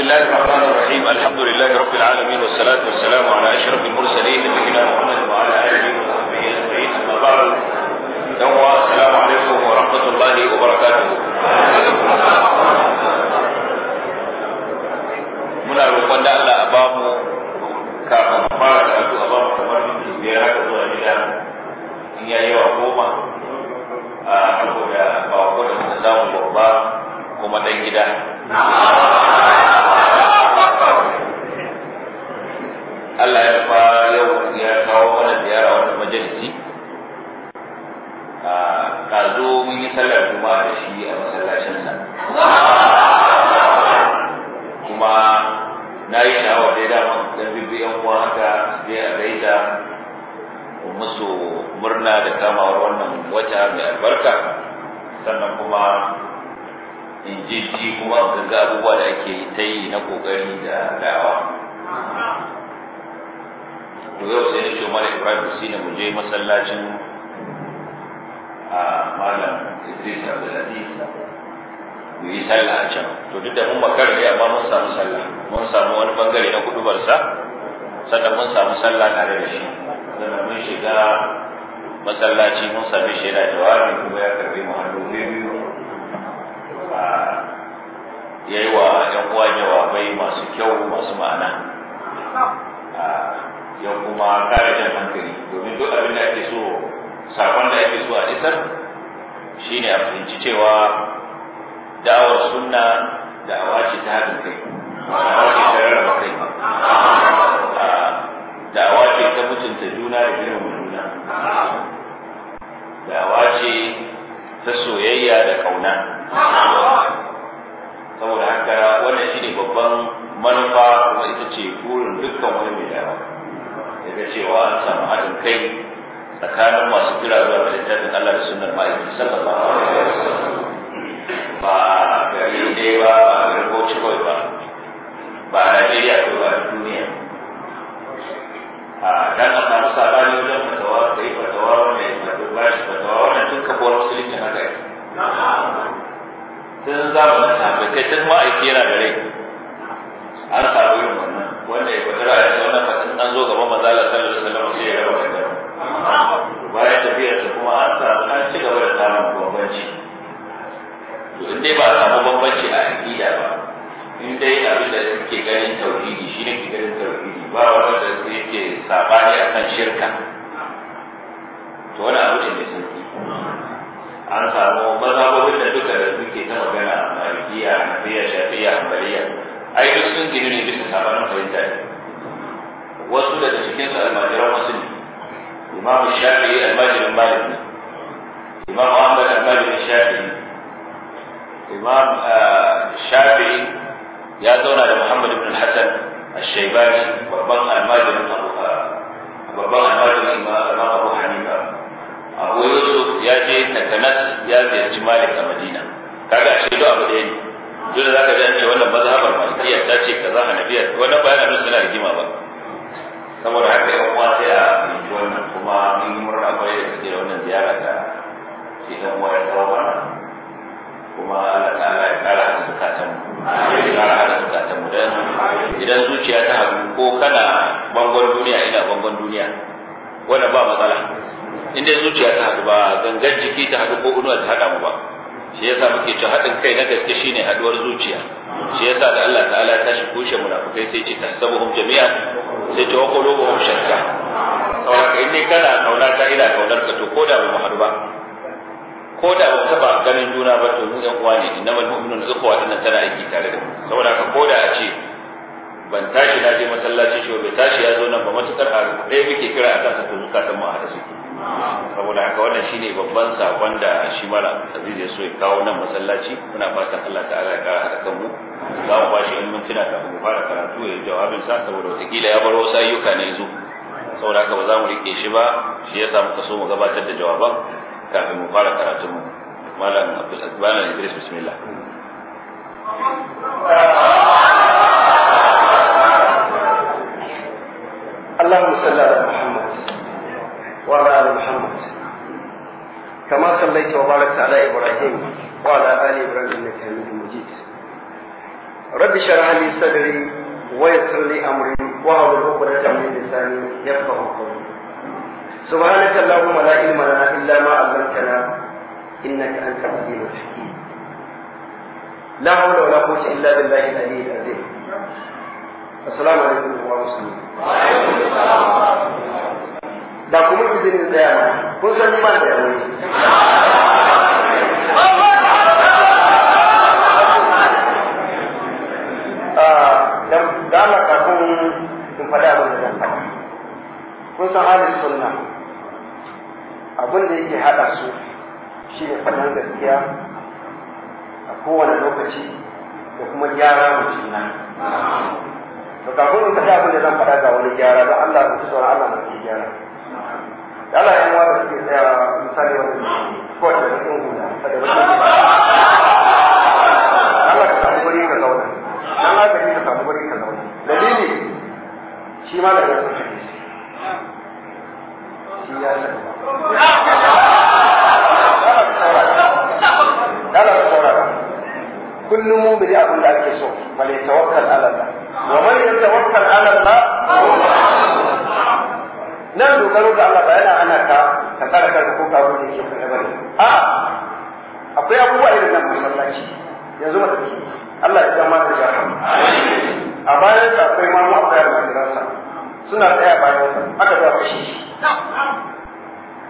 بسم الله الرحمن الرحيم الحمد لله رب العالمين والصلاة والسلام على أشرف المرسلين نبينا محمد وعلى آله وصحبه أجمعين أما بعد السلام عليكم ورحمة الله وبركاته kuma dan gida Allah ya fa yau ya kawo mana ziyara wannan majalisi a ah, kazo mun yi sallar juma'a da shi a masallacin sa kuma na yi dawa da dama dan bibiyan kuwa haka sai a gaida musu murna da kamawar wannan wata mai albarka sannan kuma in ji kuma ga abubuwa da ake ta yi na kokari da dawa to yau sai nake mara ibrahim sina mu je masallacin a malam idris abdulaziz mu yi sallah a can to duk da mun makara da amma mun samu sallah mun samu wani bangare na kudubarsa sannan mun samu sallah tare da shi sannan mun shiga masallaci mun sami shi yana jawabi kuma ya karbi mu hannu biyu ya yi wa ‘yan uwa jawabai masu kyau masu ma'ana ya kuma kare jan hankali domin duk abin da ake so sakon da ake so a isar shine a fahimci cewa da'awar sunna da'awa ce ta haɗin kai da'awa ce ta rarraba kai da'awa ce ta mutunta juna da girmama juna da'awa ce ta soyayya da kauna saboda haka wannan ne babban manufa kuma ita ce burin dukkan wani mai da'awa daga cewa an samu haɗin kai tsakanin masu kira zuwa ga littafin Allah da sunnar ma'aikata sallallahu alaihi wasallam ba gari ne ba ba garin bauchi kawai ba ba Najeriya ko ba duniya a dan a samu sabani wajen fatawa ta yi fatawa wanda ya fatawa ba shi fatawa wannan tun ka bora su musulunci haka yi tun zamanin sahabbai kai tun ma'aiki yana da rai an samu yin wannan wanda ya fatawa ya wannan fatawa an zo gaban manzala sallallahu alaihi wasallam sai ya wasu da bayan tafiyar ta kuma an samu an ci gaba da samun bambanci to in dai ba a samu bambanci a aqida ba in dai abin da suke ganin tauhidi shi ne ke ganin tauhidi ba wanda yake sabani akan shirka to wani abu ne mai sauki an samu mazhabobin da duka da suke ta magana malikiya hanafiya shafiya a ai duk sun gini ne bisa sabanin fahimta ne wasu daga cikin almajiran wasu ne imam Shafi almajirin malik ne imam ahmad almajirin Shafi. imam ah, Shafi ya zauna da muhammad ibn hasan al-shaybani babban almajirin abu ah, babban almajirin imam abu hanifa abu yusuf ya je takanas ya ziyarci malik a madina kaga a shaidu abu ɗaya ne dole za ka ji an ce wannan mazhabar malikiya ta ce kaza hanafiya wannan bayanan suna rigima ba saboda haka yan uwa sai a yanzu wannan kuma mun yi murna kwarai da suke da wannan ziyara ta, shi dan uwa ya kawo mana kuma Allah ta'ala ya kara hada bukatan mu ya kara hada bukatan mu dan idan zuciya ta hagu ko kana bangon duniya ina bangon duniya wanda ba matsala in dai zuciya ta haɗu ba gangar jiki ta haɗu ko unuwa ta haɗa mu ba shi yasa muke ta haɗin kai na gaske shine haɗuwar zuciya kushe munafukai sai ce tasabuhum jami'a sai ce wa qulubuhum shakka saboda ka indai kana kauna ta ila kaunar ka to ko da ba mu ba ko da ba taba ganin juna ba to mun yan uwa ne inna innamal mu'minuna ikhwa inna tana aiki tare da mu saboda ka ko da a ce ban tashi na je masallacin shi ba tashi ya zo nan ba matukar a ɗaya muke kira a kansa to zukatan mu a haɗa suke saboda haka wannan shine babban sakon da shi mara aziz ya so ya kawo nan masallaci muna fatan Allah ta'ala ya kara hakan kanmu. za mu bashi in mun tuna kafin mu fara karatu ya jawabin sa saboda wataƙila ya bar wasu ayyuka ne yanzu saboda haka ba za mu rike shi ba shi ya samu kaso mu gabatar da jawaban kafin mu fara karatu mu malam Abdul Azbana Idris bismillah اللهم صل على محمد وعلى آل محمد كما صليت وباركت على إبراهيم وعلى آل إبراهيم إنك حميد مجيد رب اشرح لي صدري ويسر لي أمري وهب عقدة من لساني يفقه قولي سبحانك اللهم لا علم لنا إلا ما علمتنا إنك أنت العليم الحكيم لا حول ولا قوة إلا بالله العلي العظيم السلام عليكم ورحمة الله وبركاته وعليكم السلام ورحمة الله da kuma izinin tsaya ma kun san iman da yawo ah, da Allah kafin in faɗa abin da zan faɗa kun san halin sunna abin da yake haɗa su shi ne faɗin gaskiya a kowane lokaci da kuma gyara mutum na to kafin in faɗa abin da zan faɗa ga wani gyara don Allah ku tsoron Allah ke gyara Allah ya da suke tsaya misali wanda ko da cikin hula da da bakin Allah ka samu guri ka zauna dan haka ne ka samu guri ka zauna dalili shi ma daga cikin shi shi ya san Allah ka saurara kullu mu'mini abin da ake so fa tawakkal ala Allah wa man yatawakkal ala Allah nan dogaro ga Allah ba yana ana ka ka tsara kanka ko kawo da yake kuma bane a akwai abubuwa irin nan masallaci yanzu mata ce Allah ya zama da jahannam a bayan sa akwai ma mu akwai almajiransa suna tsaya bayan sa aka zuwa fashi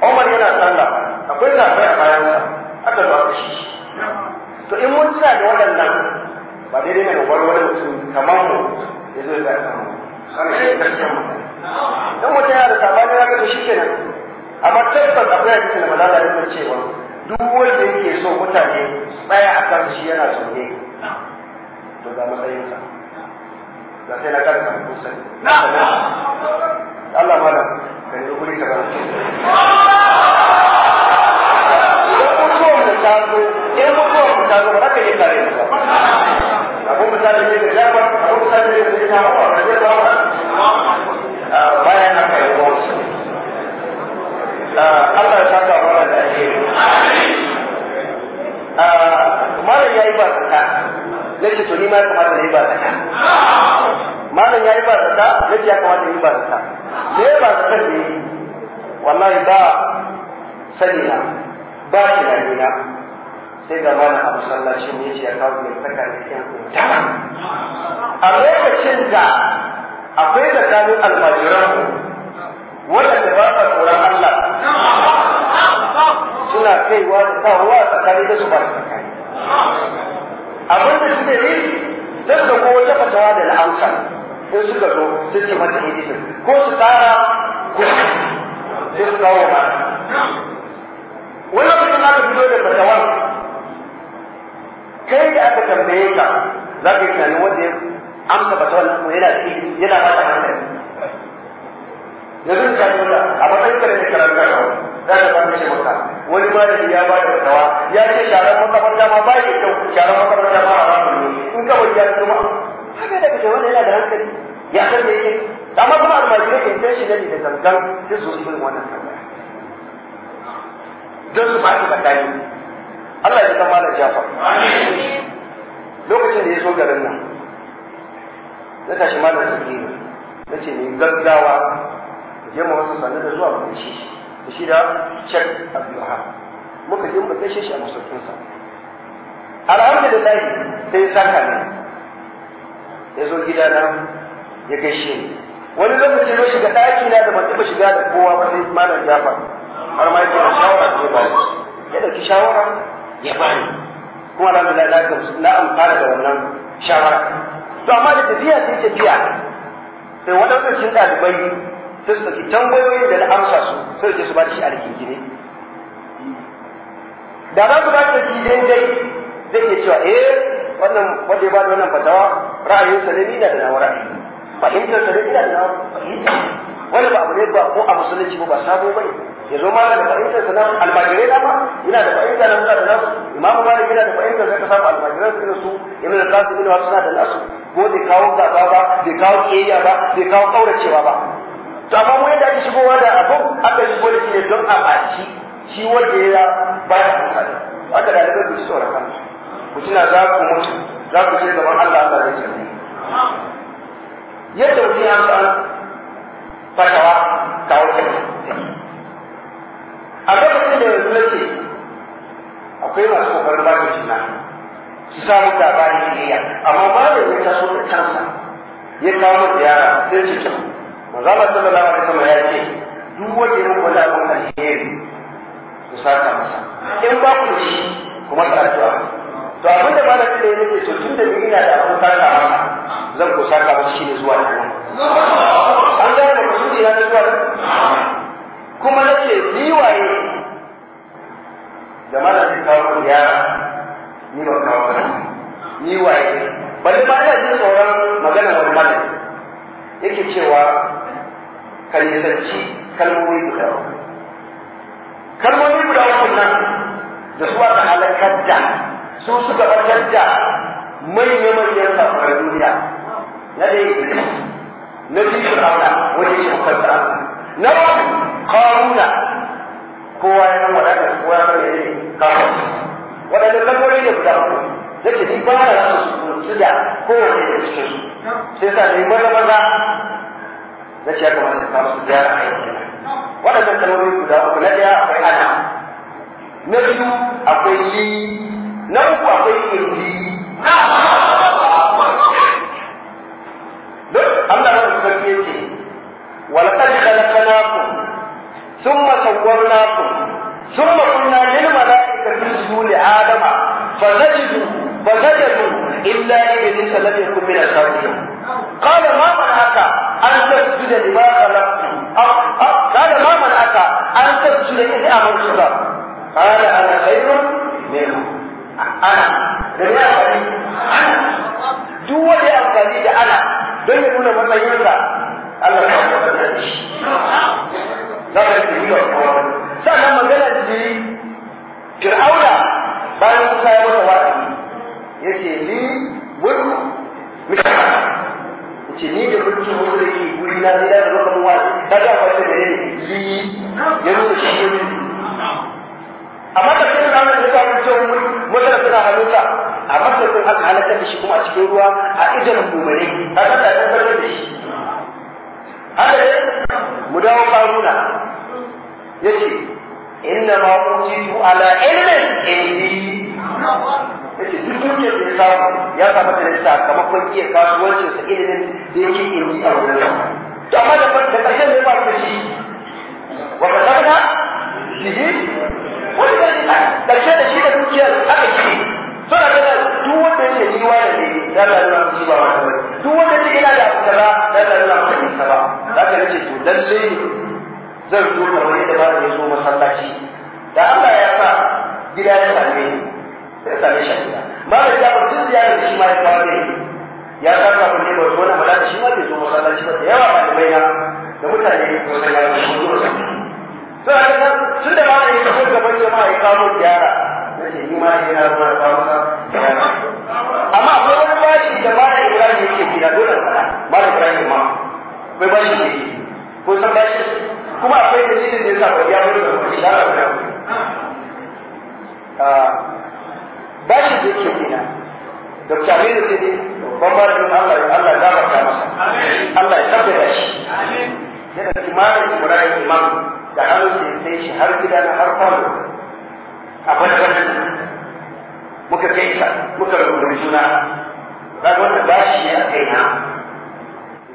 Umar yana sallah akwai zafi a bayan sa aka zuwa fashi to in mun tsaya da waɗannan ba daidai ne ga wani mutum kamar mu yanzu da ya kamar mu wannan shi ne mutane in mutum yana da sabani ya gaba shi kenan amma tabbas akwai hadisi da malala ya san cewa duk wanda yake so mutane tsaya a kan shi yana zaune to ga sa. ga sai na karka kusan Allah malam ka yi guri ka bar idan mutuwar mu ta zo idan eh, mutuwar ta zo ba za ka yi tare da ba abun misali ne da jafar abun misali ne ba ka je ba bayan nan mai boss Allah ya saka mana da alheri malam ya yi ba zata nace to ni ma ya kamata na yi ba zata malam ya yi ba zata nace ya kamata na yi ba zata me ya ba zata ne wallahi ba sani na ba tunani na sai da mana a masallacin ya ce ya kawo mai tsaka da kyan a lokacin da akwai da kanun almajiran waɗanda ba sa tsoron Allah suna kaiwa da kawowa a tsakanin da su ba su tsakani abin da suke yi zan da kowa ta fata da la'amsa in suka zo sun ce mata hidisin ko su tsara ko su kawo ba Wannan abin da aka fito da fatawar kai da aka tambaye ka za ka yi tunanin wanda ya amsa ba wannan ko yana cikin yana ba da hankali yanzu ka nuna a matsayin ka da karanta za ka samu shi maka wani da ya ba da fatawa ya ce sharar da ma ba ya kyau sharar da ma haramun ne in kawai ya kuma haka da kace wani yana da hankali ya san da yake amma kuma almajirai kan tashi ne da ta sai su yi wannan tambaya don su ba su tsakani Allah ya san malam jafa. lokacin da ya zo garin nan na tashi malam ne na ce ne gaggawa da mu wasu sannu da zuwa mai shi da shi da shek abdulha muka je muka gaishe shi a masaukinsa Alhamdulillahi, sai saka ne ya zo gida na, ya gaishe ni wani lokacin na shiga ɗaki na da ban taɓa shiga da kowa ba sai malam jafar har ma yake da shawara ce ba ya ɗauki shawara ya bani kuma alhamdulillah na amfana da wannan shawara to amma da tafiya sai tafiya sai waɗansu cikin ɗalibai sai su ki tambayoyin da na amsa su sai su ba da shi a rigingine da za su ba da shi dai, zai iya cewa eh wannan wanda ya ba da wannan fatawa ra'ayin ne ni na da nawa ra'ayi fahimtar sa ne ina da fahimta wani ba abu ne ba ko a musulunci ba sabo ba ne ya zo ma da fahimtar sa na almajirai na ba yana da fahimta na muna da nasu imamu malik gida da fahimtar sa ka samu almajiran su irin su ibn al-qasim ibn wasu na da nasu ko bai kawo gaba ba bai kawo kiyayya ba bai kawo kauracewa ba to amma mu yadda ake shigowa da abin aka yi da shi ne don a baci shi wanda ya baya kusa da haka da daga su tsoron kansu ku tuna za ku mutu za ku je gaban Allah Allah zai jami yadda wani ya san fatawa kawo kai a lokacin da yanzu nake akwai masu kokarin ba shi na su samu labarin iya. amma ne ta taso ta kansa ya kawo ziyara sai ce to manzo Allah sallallahu alaihi wasallam ya ce duk wanda ya muku wani abin alheri ku saka masa in ba ku shi kuma sa addu'a to abin da malamin ne yake so tun da ni ina da abin saka masa zan ko saka masa shi ne zuwa da an gane da kusuri na zuwa kuma nace ni waye da malamin kawo ziyara ni ba kawo ba ni waye balle ba ina jin tsoron magana wani mana yake cewa ka nisanci kalmomi guda kalmomi guda uku nan da su aka halakar da su suka ɓarkar da manya-manyan safar duniya na da yi na biyu fir'auna wajen shafar sa na wani haruna kowa ya san wadatar kowa ya san yadda kafin waɗannan kalmomi ne guda uku nake ni ba na su su da kowane da cikin su sai sa ne maza maza na ce ya kamata ka musu ziyara a yankin waɗannan kalmomi guda uku na ɗaya akwai ana na biyu akwai li na uku akwai indi duk Allah na sarki ya ce walaqad khalaqnakum thumma sawwarnakum ثم قلنا للملائكة اسجدوا لآدم فسجدوا فسجدوا إلا إبليس لم يكن من الساجدين قال ما منعك أن تسجد لما خلقت قال ما منعك أن تسجد إذ أمرتك قال أنا خير منه أنا لم يأخذ أنا دول يأخذ أنا don ya nuna matsayinsa Allah ya kawo da shi. Za ka yi wa kowa sannan magana da jiri fir'auna bayan musa ya masa wa'azi ya ce ni wani mika ya ce ni da mulkin wasu da ke guri na zai da maka mu wa'azi ta ga wata da ya yi ya nuna shi ya yi amma da cikin ranar da ta wuce mutane suna hannunsa a masakin aka halatta da shi kuma a cikin ruwa a idan mumare a kan da ya da shi haka ne mu dawo karuna yace inna ma utitu ala ilmin indi yace duk dukiyar da ya samu ya samu da kamar sakamakon iya kasuwancin sa ilmin da yake indi a wurin sa to amma da da kashin ne ba ku shi wa kasabna shi wani da karshe da shi da dukiyar aka kire so da kana duk wanda yake ni wani ne da Allah ya ji ba wani duk wanda yake ina da kaza da Allah ya ji ba wani kaza zaka ce to lalle zan zo kamar yadda ba ya zo masallaci da Allah ya sa gida ya same ni sai same shi gida ba da ya ba duk ziyarar shi ma ya kawo ne ya san ka kun ne ba zo na ba shi ma ke zo masallaci ba da yawa ba da baina da mutane ne ko sai ya zo shi zo sai haka tun da ba ya kafa gaban jama'a ya kawo ziyara sai ni ma ina ruwa ba kawo ziyara amma akwai wani bashi da ba da Ibrahim yake gida dole ba da Ibrahim ma akwai bashi yake ko san ba shi kuma akwai dalilin da yasa ba ya bar da kuma shara da ba shi da yake kina Dr. Aminu ne babban malamin Allah Allah ya gafarta masa Allah ya tabbata shi yana kimanin Ibrahim Imam da hannun sai sai shi har gida na har kwano a bada muka kai ka muka rubuta juna ba wannan bashi ne a kaina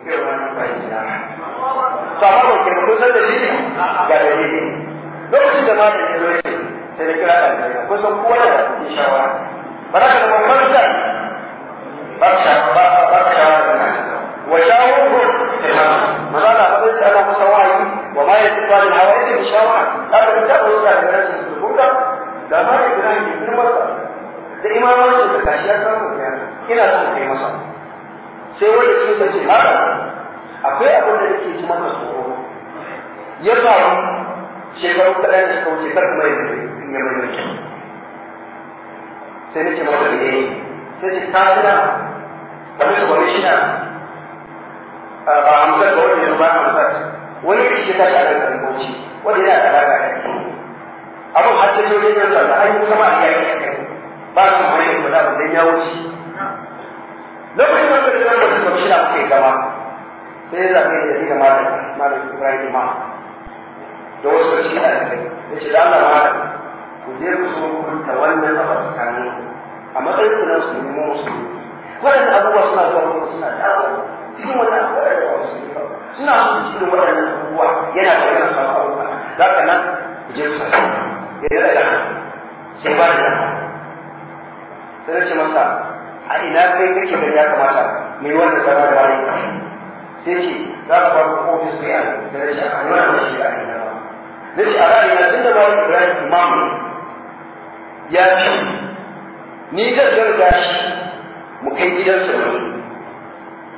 kai wannan bashi na to amma ban kirka kun san ga dalili lokacin da malami ya zo ya ce sai da kira ɗalibai kun san da kuɗin shawara ba za ka zama ba ka wa shawo maza na faɗin su ana kusa wahayi wa ma ya tuka da hawa da shawara za ka ta ko za ka rashin su da ba ya gina ne kuma ba da imamancin da kashi ya samu ina son kai masa sai wanda shi ta ce haka akwai abin da yake ji masa tsoro ya faru shekaru kaɗan da suka wuce kar kuma ya ya mai mulki sai nake masa da yayi sai ce ta tuna da musu kwamishina a hamsar ba wani yanzu ba hamsar wani yake shi ta tare da rikoci wanda yana da raga da ke abin har sai yau ne yanzu da an yi sama a yayi a kai ba su mai yanzu da ya wuce lokacin da suka zama da suka shi da kuke gaba sai zaɓe da ni malam ibrahim ma da wasu da shi a yanzu ya ce da ku je ku so ku ta wannan a matsayin ku su su abubuwa suna zuwa suna dawo cikin abubuwa da wasu suna su cikin waɗannan abubuwa yana da yana abubuwa za ka nan ku je ku sa ya yi sai ba da dama sai na ce masa a ina kai kake da ya kamata mai wannan zama da wani sai ce za ka faru ko fi su yana da rashin a nuna da shi a ina ba na ce a ra'ayina tun da malik ibrahim imam ya fi ni zan zarga shi mu kai gidan gidansa da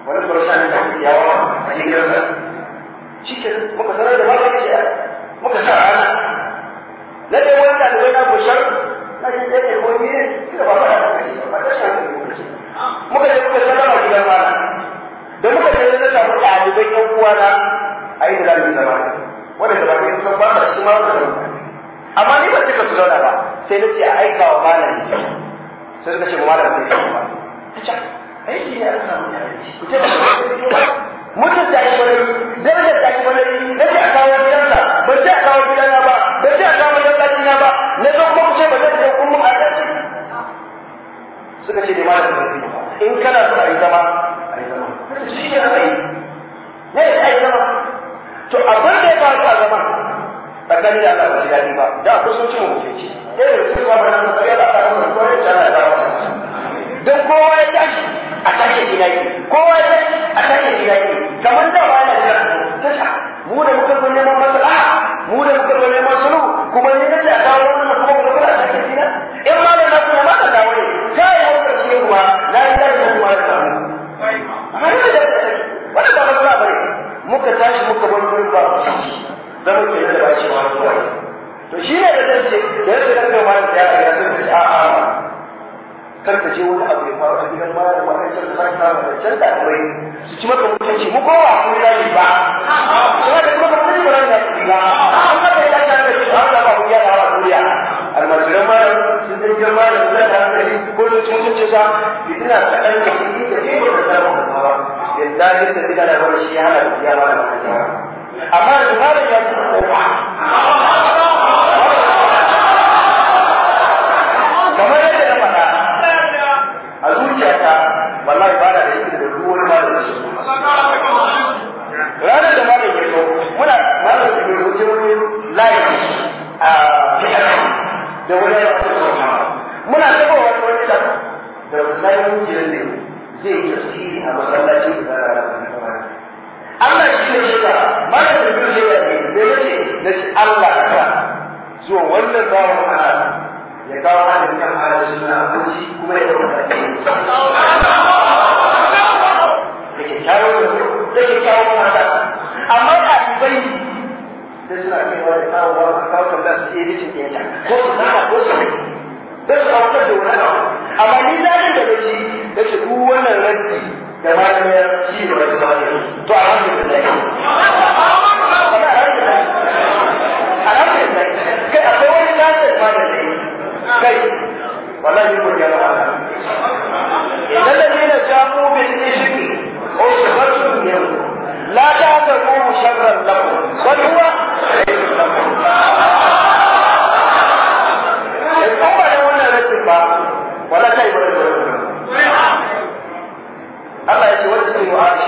wani kurasa da ta yawa a gidansa shi ke muka sanar da malik ya muka sa rana na dai wani ɗalibai na bushar na shi ɗaya ko ne da jama'a wanda jama'a sun ba da su ma da amma ni ba suka su zauna ba sai na a aika wa malami sai suka ce malam sai ba ta ce aiki ne a samu ku ce mutum da ake wani darajar da ake wani na ce a kawo gidansa ba ce a kawo gidana ba ba ce a kawo masallacina ba na zo kuma ku ce ba zan je kullum a ɗaci suka ce ne malam sai in kana so a yi zama a yi zama shi ne a yi ne a yi zama to abin da ya faru a zaman tsakanin da Allah ba ji ba da akwai sun ci mutunci irin su ba mana su kariya da ta rama ko ya tsara da wani don kowa ya tashi a tashi yi kowa ya tashi a tashi dinaki kamar da wani da ta mu da muka kun neman maslaha mu da zama ke da ba shi ma kowa to shi ne da ce da yadda kan kai malam ya ga sun ce a a kar ka je wani abu ya faru a gidan malam ma kai sai sai ta da can da kai su ci maka mutunci mu kowa ko ya yi ba kuma da kuma mutunci ba za su ba an ka kai da shi da shi ba ba ku ya da duniya almajiran malam sun san girma da sun da hankali ko da sun sun ce sa fitina ta ɗan da kuɗi da ke ba da samun kawa yanzu da yadda gida da wani shi ya hana da ya ba da amma da malam ya ji kofa kamar yadda na faɗa a zuciyata wallahi ba da yake da duk wani malam da shi ranar da malam ya zo muna malam ya zo je wani layi a da wani ya zo muna taɓa wani wani da da wani jirin ne zai yi tasiri a masallaci da rana wannan shi ne shaida malam da zai shaida ne da ya ce na shi Allah ka so wannan bawan Allah ya kawo mana kan kuma ya dauka da ke da ke kawo da ke kawo mata amma da bai da suna kaiwa da kawo ma'ana a kawo kan su iya rikin da ya ko su sama ko su da su kawo da wani amma ni na da da shi da shi wannan ranti da malamiyar shi da wani malami to alhamdulillah alhamdulillah wani da zai kai ko لا تعتبروه شرا لكم بل هو خير لكم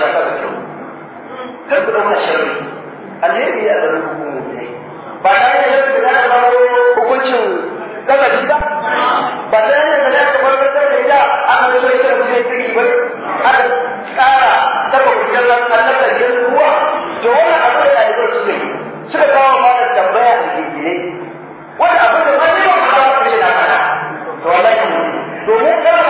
ta sa da kyau kar ku ɗauna sharri alheri ya zama ne ba ta yi da yadda za hukuncin daga jida ba ta yi da za a tabbatar da ita a kan zai shi da zai tsiri ba aka tsara daga hujjar nan Allah da jin ruwa to wannan abu da ɗalibai suka yi suka kawo mana tambaya da gidire wanda abin da ba zai ba ku ba ku shi kana to wallahi domin kana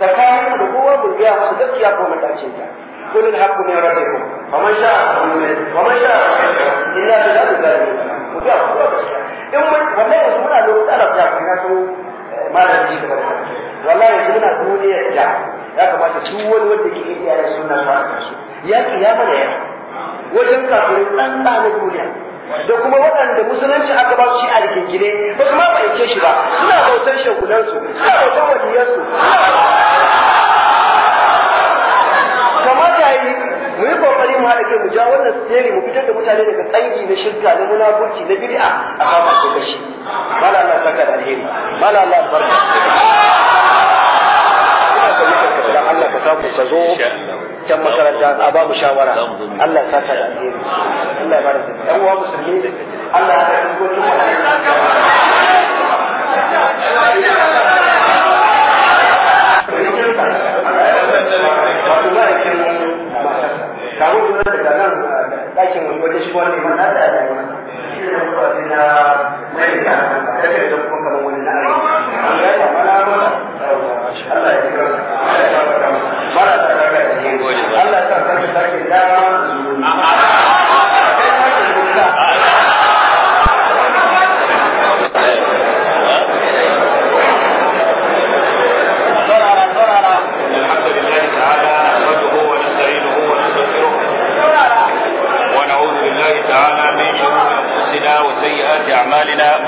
tsakanin da kowa mu biya musu gaskiya ko matace ta قل الحق من ربكم ومن شاء ومن شاء إلا بلاد الظالمين وجاء هو in wanda yanzu muna da wata alaƙa kan nasu malam ji da eh, wallahi yanzu muna duniyar da ya kamata su wani wanda ke iya yin sunna su ya kiyama da yawa wajen kafirin ɗan ɗan na duniya da kuma waɗanda musulunci aka ba su shi a rikinkine ba su ma ce shi ba suna bautar shagulansu suna bautar waliyarsu kamata yi mu yi kokari mu haɗa kai mu ja wannan tsere mu fitar da mutane daga tsangi na shirka na munafurci na bid'a a kama su kashi mala Allah saka da alheri mala Allah barka Allah ka samu ka zo can makaranta a ba mu shawara Allah ya saka da alheri Allah ya bada zuciya uwa musulmi Allah ya saka ko Thank you.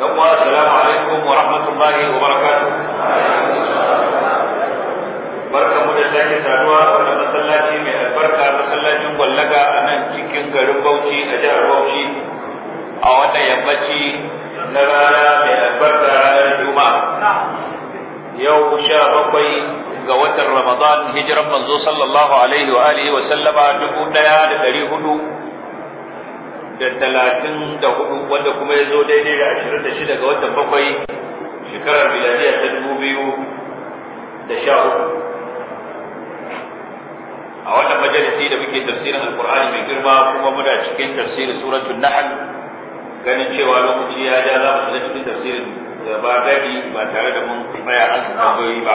yawwa assalamu alaikum wa rahmatullahi wa barakatuh barka mu da sake saduwa a masallaci mai albarka masallacin gwallaga a nan cikin garin Bauchi a jihar Bauchi a wannan yammaci na rana mai albarka ranar Juma'a yau sha bakwai ga watan Ramadan hijiran manzo sallallahu alaihi wa sallama dubu ɗaya da ɗari hudu da talatin da hudu wanda kuma ya zo daidai da ashirin da shida ga watan bakwai shekarar miladiya ta dubu biyu da sha uku a wannan majalisi da muke tafsirin alkur'ani mai girma kuma muna cikin tafsirin suratul nahl ganin cewa lokaci ya ja za mu shiga cikin tafsirin ba gadi ba tare da mun tsaya an tambayoyi ba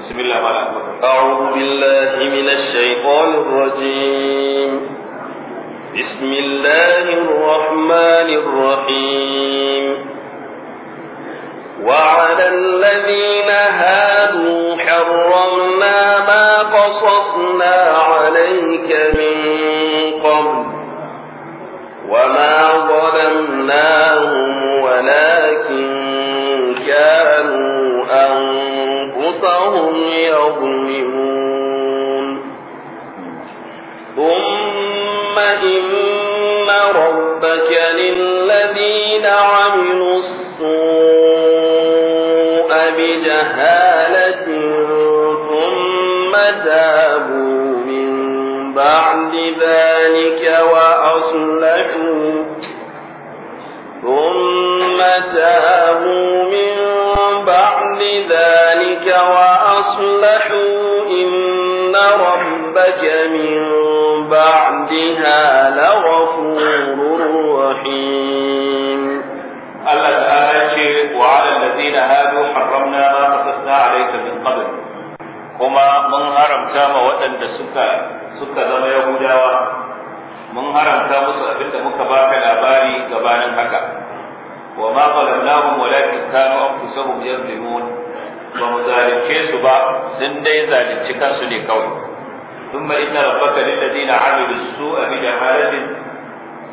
bismillah mala أعوذ بالله من الشيطان الرجيم بسم الله الرحمن الرحيم وعلى الذين هادوا حرمنا ما قصصنا عليك من قبل وما ظلمناهم ولكن كانوا أنفسهم يظلمون الذين عملوا السوء بجهالة ثم تابوا من بعد ذلك وأصلحوا ثم تابوا من بعد ذلك وأصلحوا إن ربك من بعدها لغفور الرحيم الله تعالى وعلى الذين هادوا حرمنا ما قصصنا عليك من قبل كما من هرم كما وطن سكا سكا زما يهوداوا من هرم كما سأبت مكباك الأباري قبانا حكا وما ظلمناهم ولكن كانوا أنفسهم يظلمون ومزالكي سبا سندي زالكي كان سني كوي ثم إن ربك للذين عملوا السوء بجهالة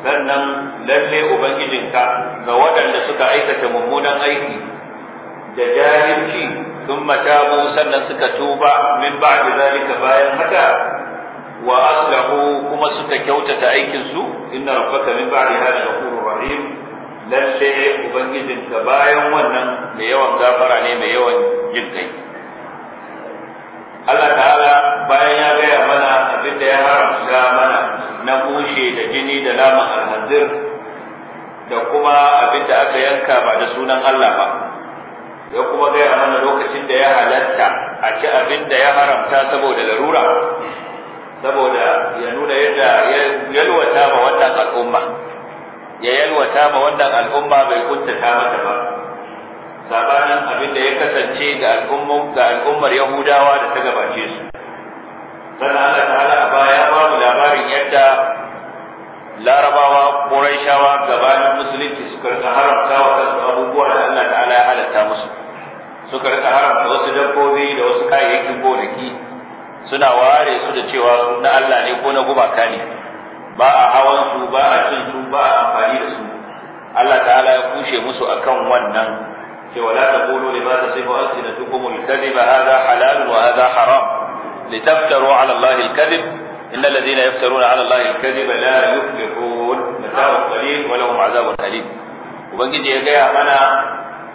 sannan lalle ubangijinka ga waɗanda suka aikata mummunan aiki da jahilci sun matabu sannan suka tuba min ba'da zalika bayan haka wa aslahu kuma suka kyautata aikin su inna rabbaka min ba'di hada ghafurur rahim lalle ubangijinka bayan wannan da yawan gafara ne mai yawan jin kai Allah ta'ala bayan ya gaya mana abin da ya haramta mana na mushe da jini da naman alhanzir da kuma abin da aka yanka ba da sunan Allah ba ya kuma gaya mana lokacin da ya halatta a ci abin da ya haramta saboda larura saboda ya nuna yadda ya yalwata ma wannan al'umma ya yalwata ma wannan al'umma bai kuntata mata ba sabanin abin da ya kasance ga al'ummar Yahudawa da ta gabace su sannan Allah ta'ala a baya ya ba mu labarin yadda larabawa ƙuraishawa gabanin musulunci suka rika haramta wa kansu abubuwa da Allah ta'ala ya halatta musu suka rika haramta wasu dabbobi da wasu kayayyakin gonaki suna ware su da cewa na Allah ne ko na gumaka ne ba a hawan su ba a cin su ba a amfani da su Allah ta'ala ya kushe musu akan wannan cewa la taqulu lima tasifu alsinatukum al-kadhiba hadha halal wa hadha haram litaftaru ala Allah al-kadhib innal ladhina yaftaruna ala Allah al-kadhiba la yuflihun mata'un qalil wa lahum azabun alim ubangiji ya gaya mana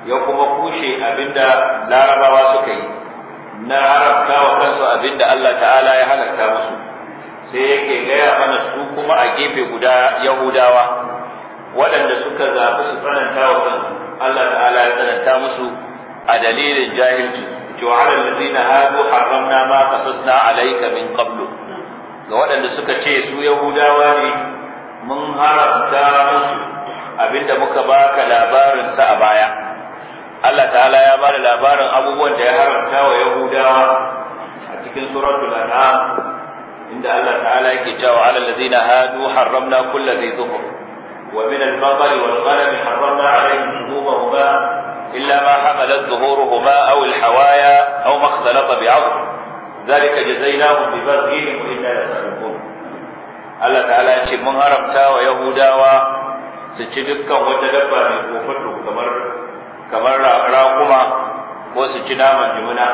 ya kuma kushe abinda larabawa suka yi na arabta wa kansu abinda Allah ta'ala ya halarta musu sai yake gaya mana su kuma a gefe guda yahudawa waɗanda suka zaɓi su tsananta wa kansu Allah ta'ala ya tsananta musu a dalilin jahilci وعلى الذين هادوا حرمنا ما قصصنا عليك من قبل ga waɗanda suka ce su yahudawa ne mun haramta musu abinda muka baka labarin sa a baya Allah ta'ala ya bada labarin abubuwan da ya haramta wa yahudawa a cikin suratul an'am inda Allah ta'ala yake cewa alal ladina hadu harramna kulli dhi dhufr wa min إلا ما حملت ظهورهما أو الحوايا أو ما اختلط بعظم ذلك جزيناهم ببغيهم وإنا لسابقون Allah ta'ala ya ce mun haramta wa Yahudawa su ci dukkan wata dabba mai kofato kamar kamar raƙuma ko su ci naman jimuna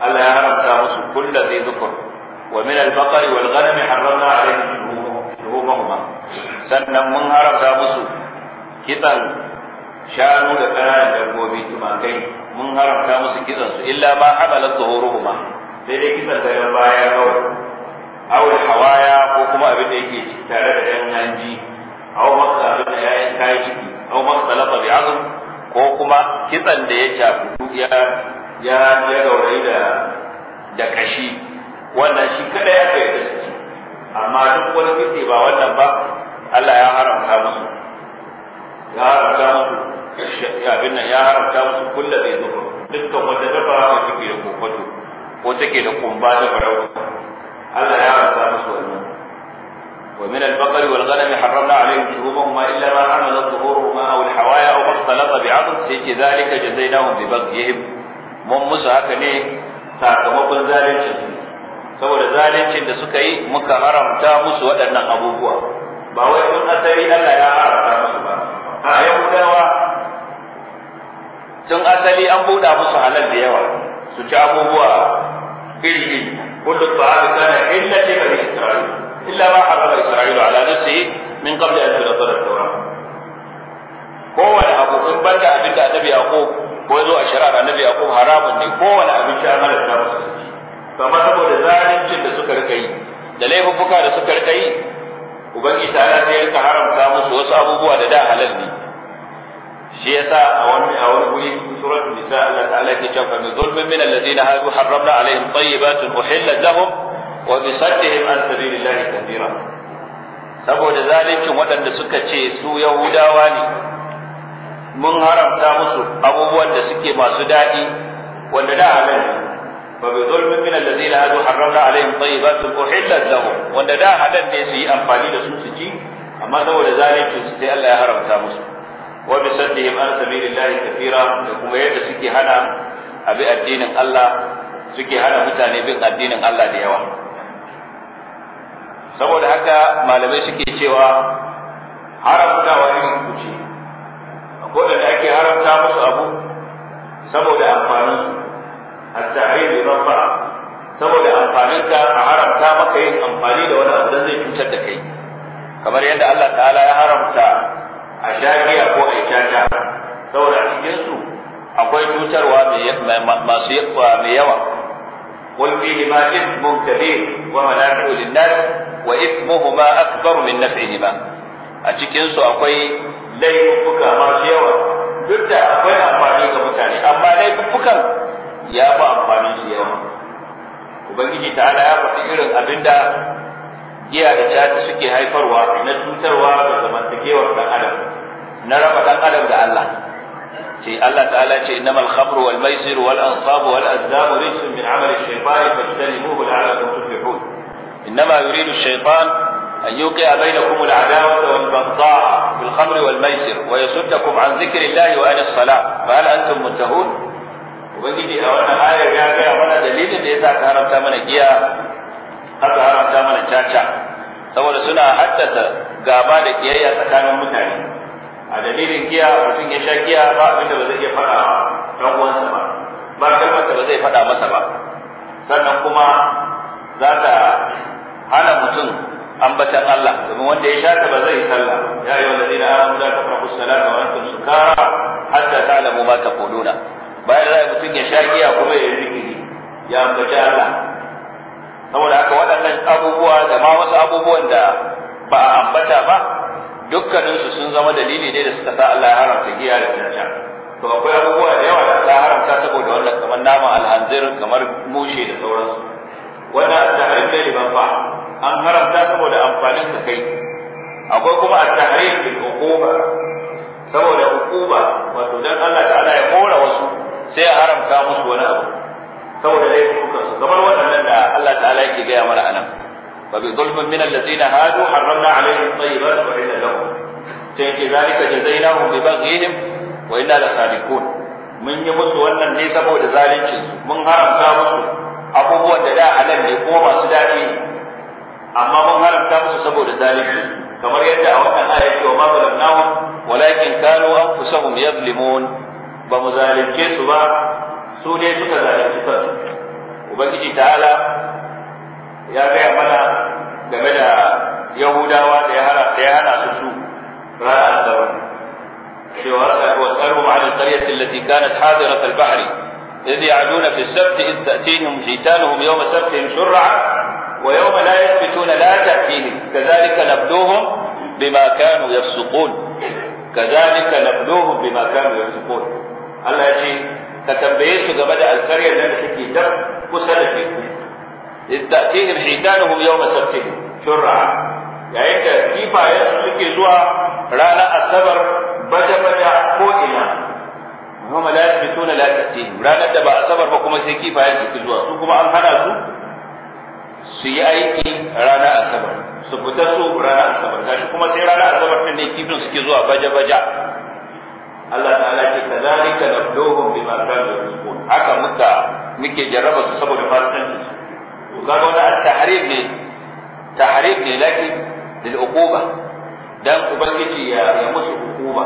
Allah ya haramta musu kulla zai zukur wa min sannan mun haramta musu shanu da ƙananan dabbobi tumakai mun haramta musu kitsan su illa ba hamalat zuhuruhuma sai dai kitsan da ya baya kawai aw hawaya ko kuma abin da yake tare da yan yanji aw masa da yayin kai ciki aw masa bi ko kuma kitsan da ya tafi ya ya ya gaurayi da da kashi wannan shi kada ya kai kashi amma duk wani kitse ba wannan ba Allah ya haramta musu ya haramta musu abin nan ya haramta musu kulla zai zuba dukkan wata daba da take da kofato ko take da kumba da farau Allah ya haramta musu wannan ومن البقر والغنم حرمنا عليهم شهومهما الا ما حملت ظهورهما او الحوايا او ما اختلط بعظم سيتي ذلك جزيناهم ببغيهم من musu haka ne sakamakon zalincin saboda zalincin da suka yi muka haramta musu waɗannan abubuwa ba wai kun asali Allah ya haramta musu ba a yahudawa tun asali an buɗa musu halal da yawa su ci abubuwa iri iri kullu ta'am kana illa li bani isra'il illa ma harama isra'il ala nafsihi min qabli an tunzila at-tawrat kowane abu in banda abin da annabi yaqub ko yazo a shari'ar annabi yaqub haramun ne kowane abinci an halatta musu kamar saboda zalincin da suka rika yi da laifuffuka da suka rika yi ubangiji ta ne ya haramta musu wasu abubuwa da da halal ne shi ya sa a wani a wani guri suratul nisa Allah ta'ala ke cewa min zulmin min alladhina hadu harramna alaihim tayyibatin uhillat lahum wa bi saddihim an sabilillahi kathira saboda zalincin waɗanda suka ce su yahudawa ne mun haramta musu abubuwan da suke masu daɗi wanda da halal ne fa bi zulmin min alladhina hadu harramna alaihim tayyibatin uhillat lahum wanda da hadan ne su yi amfani da su su ci amma saboda zalunci su sai Allah ya haramta musu wa bi saddihim an sabilillahi kathira da kuma yadda suke hana abi addinin Allah suke hana mutane bin addinin Allah da yawa saboda haka malamai suke cewa haramtawa irin kuci ko da ake haramta musu abu saboda amfanin su. hatta ayi سبب saboda amfanin a haramta maka yin amfani da wani abu da zai cutar da kai kamar yadda Allah ta'ala ya haramta a shafiya ko a kyata saboda a cikin akwai cutarwa mai yawa قل akbar إثم كبير ومنافع للناس وإثمهما أكبر من نفعهما أتكنسو أقوي ليفك ما duk da akwai amfani ga mutane amma dai ya fi amfanin su yawa ubangiji ta ala ya faɗi irin abin da giya da caca suke haifarwa na cutarwa da zamantakewar ɗan adam na raba dan adam da Allah ce Allah ta'ala ce innamal khamru wal maisir wal ansabu wal azlamu rijsun min amali shaytani fajtanibuhu la'allakum tuflihun innama yuridu shaytan أن يوقع بينكم العداوة والبغضاء في الخمر والميسر ويصدكم عن ذكر الله وعن الصلاة فهل أنتم منتهون؟ ubangiji a wannan ayar ya gaya mana dalilin da yasa aka haramta mana giya aka haramta mana caca saboda suna haddasa gaba da kiyayya tsakanin mutane a dalilin giya mutum ya sha giya ba abin da ba zai iya faɗa ɗan uwansa ba ba kalmar da ba zai faɗa masa ba sannan kuma za ta hana mutum ambatan Allah domin wanda ya shata ba zai yi sallah ya yi wa ladina amanu la taqrabu as-salata wa antum sukara hatta ta'lamu ma taquluna bayan da mutum ya sha giya kuma ya zikiri ya ambaci Allah saboda haka waɗannan abubuwa da ma wasu abubuwan da ba a ambata ba dukkaninsu sun zama dalili ne da suka sa Allah ya haramta giya da caca to akwai abubuwa da yawa da Allah ya haramta saboda wannan kamar naman alhanzir kamar mushe da sauransu wannan tahrim da liban fa an haramta saboda amfanin ka kai akwai kuma at-tahrim bil uquba saboda uquba wato dan Allah ta'ala ya kora wasu sai ya haramta musu wani abu saboda laifin su kamar waɗannan da Allah ta'ala yake gaya mana anan fa bi zulmin min allazina hadu harramna alaihim tayyibat wa inna lahum sai ke zalika jazainahum bi baghihim wa inna la sadiqun mun yi musu wannan ne saboda zalunci mun haramta musu abubuwan da da halal ne ko masu daɗi amma mun haramta musu saboda zalunci kamar yadda a wannan ayati wa ma balagnahum walakin kanu anfusahum yadhlimun ba mu zalunce su ba su ne suka zalunci kansu ubangiji ta'ala ya gaya mana game da yahudawa da ya hana da ya hana su su ra'a azabar cewa wa tsaru ma'al qaryati allati kanat hadirat al-bahr idh ya'duna fi as-sabt idh ta'tihim hitanuhum yawm sabtihim shur'a wa yawma la yathbituna la ta'tihim kadhalika nabluhum bima kanu yafsuqun كذلك نبلوهم بما كانوا يفسقون Allah ya ce ka tambaye su game da alkaryar nan da take dab kusa da teku istatihim yau yawma sabtihim shurra yayin da kifayen suke zuwa ranar asabar bada-bada ko ina amma malaikatu bituna la tatihim ranar da ba asabar ba kuma sai kifayen suke zuwa su kuma an hana su su yi aiki ranar asabar su fita su ranar asabar gashi kuma sai ranar asabar din ne kifin suke zuwa bada-bada. Allah ta'ala ce kazalika nabluhum bima kanu yaqulun haka muka muke jarraba su saboda fasikanci to kaga wannan at-tahrim ne tahrim ne lakin lil uquba dan ubangiji ya ya musu hukuma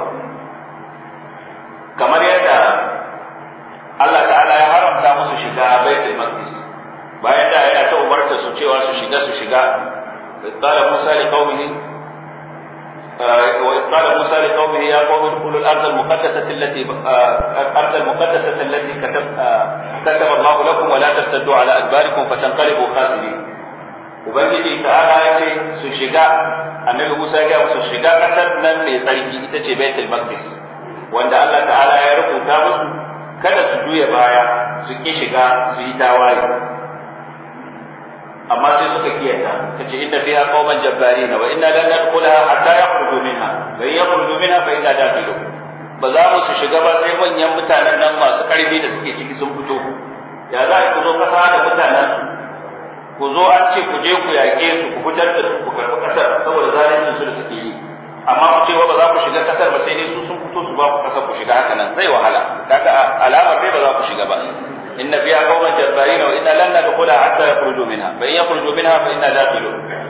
kamar yadda Allah ta'ala ya haramta musu shiga baitul maqdis bayan da ya ta umarta su cewa su shiga su shiga qala musa liqaumihi قال موسى لقومه يا قوم ادخلوا الارض المقدسه التي الارض المقدسه التي كتب كتب الله لكم ولا ترتدوا على ادباركم فتنقلبوا خاسرين ubangiji ta'ala ya ce su shiga annabi musa ya musu shiga kasar nan mai tsarki ita ce baitul maqdis wanda Allah ta'ala ya rubuta musu kada su juya baya su ki shiga su yi tawaye amma sai suka kiyata kace inda fiha qauman jabbarin wa inna lan nadkhulaha hatta yakhruju minha wa yakhruju minha fa inna dakhilu ba za mu su shiga ba sai manyan mutanen nan masu karfi da suke ciki sun fito ya za ku zo kasa da mutanen ku zo an ce ku je ku yaƙe su ku fitar da su ku karɓi ƙasar saboda zalunci su da suke yi amma ku ce ba za ku shiga ƙasar ba sai ne su sun fito su ba ku ƙasar ku shiga haka nan zai wahala daga alama sai ba za ku shiga ba إن فيها قوما جبارين وإنا لن ندخلها حتى يخرجوا منها فإن يخرجوا منها فإنا داخلون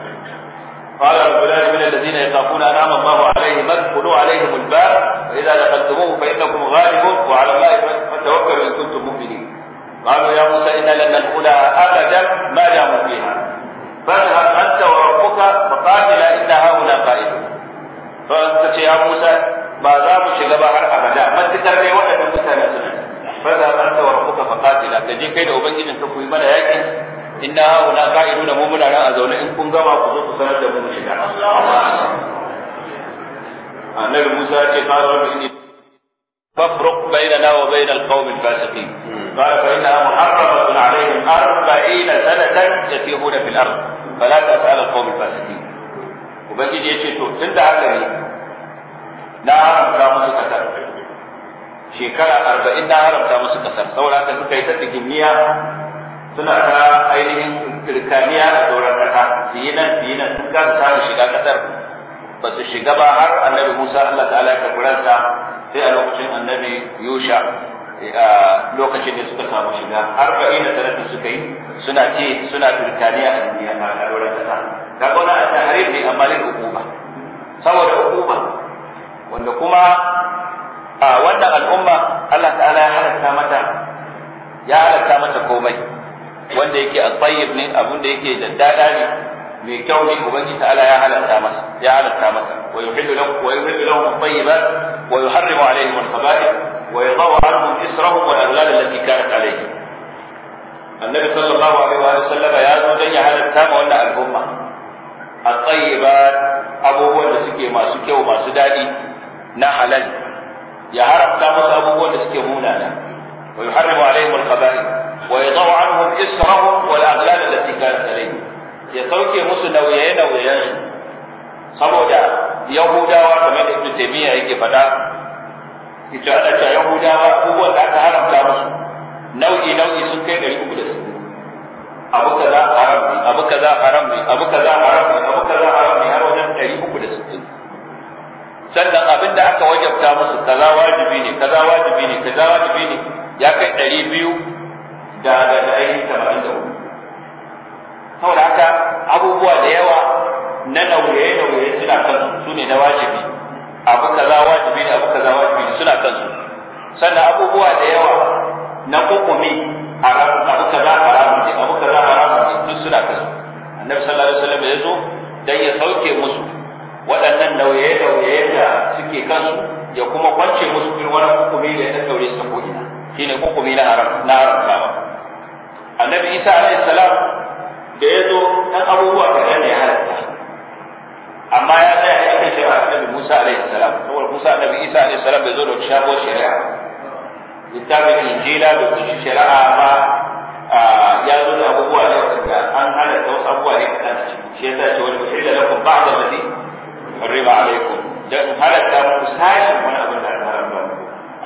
قال رجلان من الذين يخافون أنعم الله عليهم ادخلوا عليهم الباب فإذا دخلتموه فإنكم غالبون وعلى الله فتوكلوا إن كنتم مؤمنين قالوا يا موسى إنا لن ندخلها أبدا ما داموا فيها فاذهب أنت وربك فقاتلا إن هؤلاء قائدون فأنت يا موسى ما داموا شغبا أبدا ما تكرر وحدا سنه fada anta a rabbuka faqatila ka je kai da ubangijin ka ku yi mana yakin inna hauna qa'iduna mu muna ran a zaune in kun gama ku zo ku sanar da mu mu shiga annabi Musa ya ce qala rabbi inni فافرق بيننا وبين القوم الفاسقين قال فإنها محرمة عليهم أربعين سنة يتيهون في الأرض فلا تسأل القوم الفاسقين وبنجي يجي تو تندع عليه na haramta musu kasar shekara arba'in na haramta musu kasar saboda haka suka yi ta tigimiya suna ta ainihin kirkaniya da sauran kasa su yi nan su yi nan sun kasa samun shiga kasar ba su shiga ba har annabi musa allah ta'ala ya karburansa sai a lokacin annabi yusha eh, lokacin da suka samu shiga arba'in da sanatin suka yi suna ce suna kirkaniya a duniya a sauran kasa ga gona a tahrir ne amma lil hukuma saboda hukuma wanda kuma a wannan al'umma Allah ta'ala ya halatta mata ya halatta mata komai wanda yake a tsayyib ne abin da yake da dada ne mai kyau ne ubangiji ta'ala ya halatta masa ya halatta masa wa yuhillu lahum wa yuhillu lahum at-tayyibat wa yuharrimu alaihim al-khaba'ith wa yadhu anhum israhum al aghlal allati kanat alaihim annabi sallallahu alaihi wa sallam ya zo dan ya halatta ma wannan al'umma at-tayyibat abubuwan da suke masu kyau masu dadi na halal ya haramta musu abubuwan da suke munana wa yuharrimu alaihim alqaba'i wa yadau anhum israhum wal aghlal allati kanat alayhim ya sauke musu nauyaye nauyayen saboda yahudawa kamar da ibnu taymiya yake faɗa ita ana ta yahudawa abubuwan da aka haramta musu nau'i nau'i sun kai ɗari uku da su abu kaza haram abu kaza haram abu kaza haram sannan abin da aka wajabta musu kaza wajibi ne kaza wajibi ne kaza wajibi ne ya kai ɗari biyu da da ainihin tamanin da hudu saboda haka abubuwa da yawa na nauye-nauye suna kansu su ne na wajibi abu kaza wajibi ne abu kaza wajibi ne suna kansu sannan abubuwa da yawa na kokumi abu kaza haramun ne abu kaza haramun ne duk suna su annabi sallallahu alaihi wasallam ya zo dan ya sauke musu waɗannan nauye-nauye da suke kan ya kuma kwance musu duk wani hukumi da ya daure su ko ina ne hukumi na haram na haramtawa annabi isa alaihi salam da ya zo ɗan abubuwa kaɗan ne ya halatta amma ya tsaya ya kai shari'a annabi musa alaihi salam kuma musa annabi isa alaihi salam bai zo da shago shari'a littafin injila da kunshi shari'a ba ya zo da abubuwa ne da an halatta wasu abubuwa ne kaɗan shi ya sa ce wani mutum da ba da ladhi harrima alaikum dan halatta muku sashi wani abin da haram ba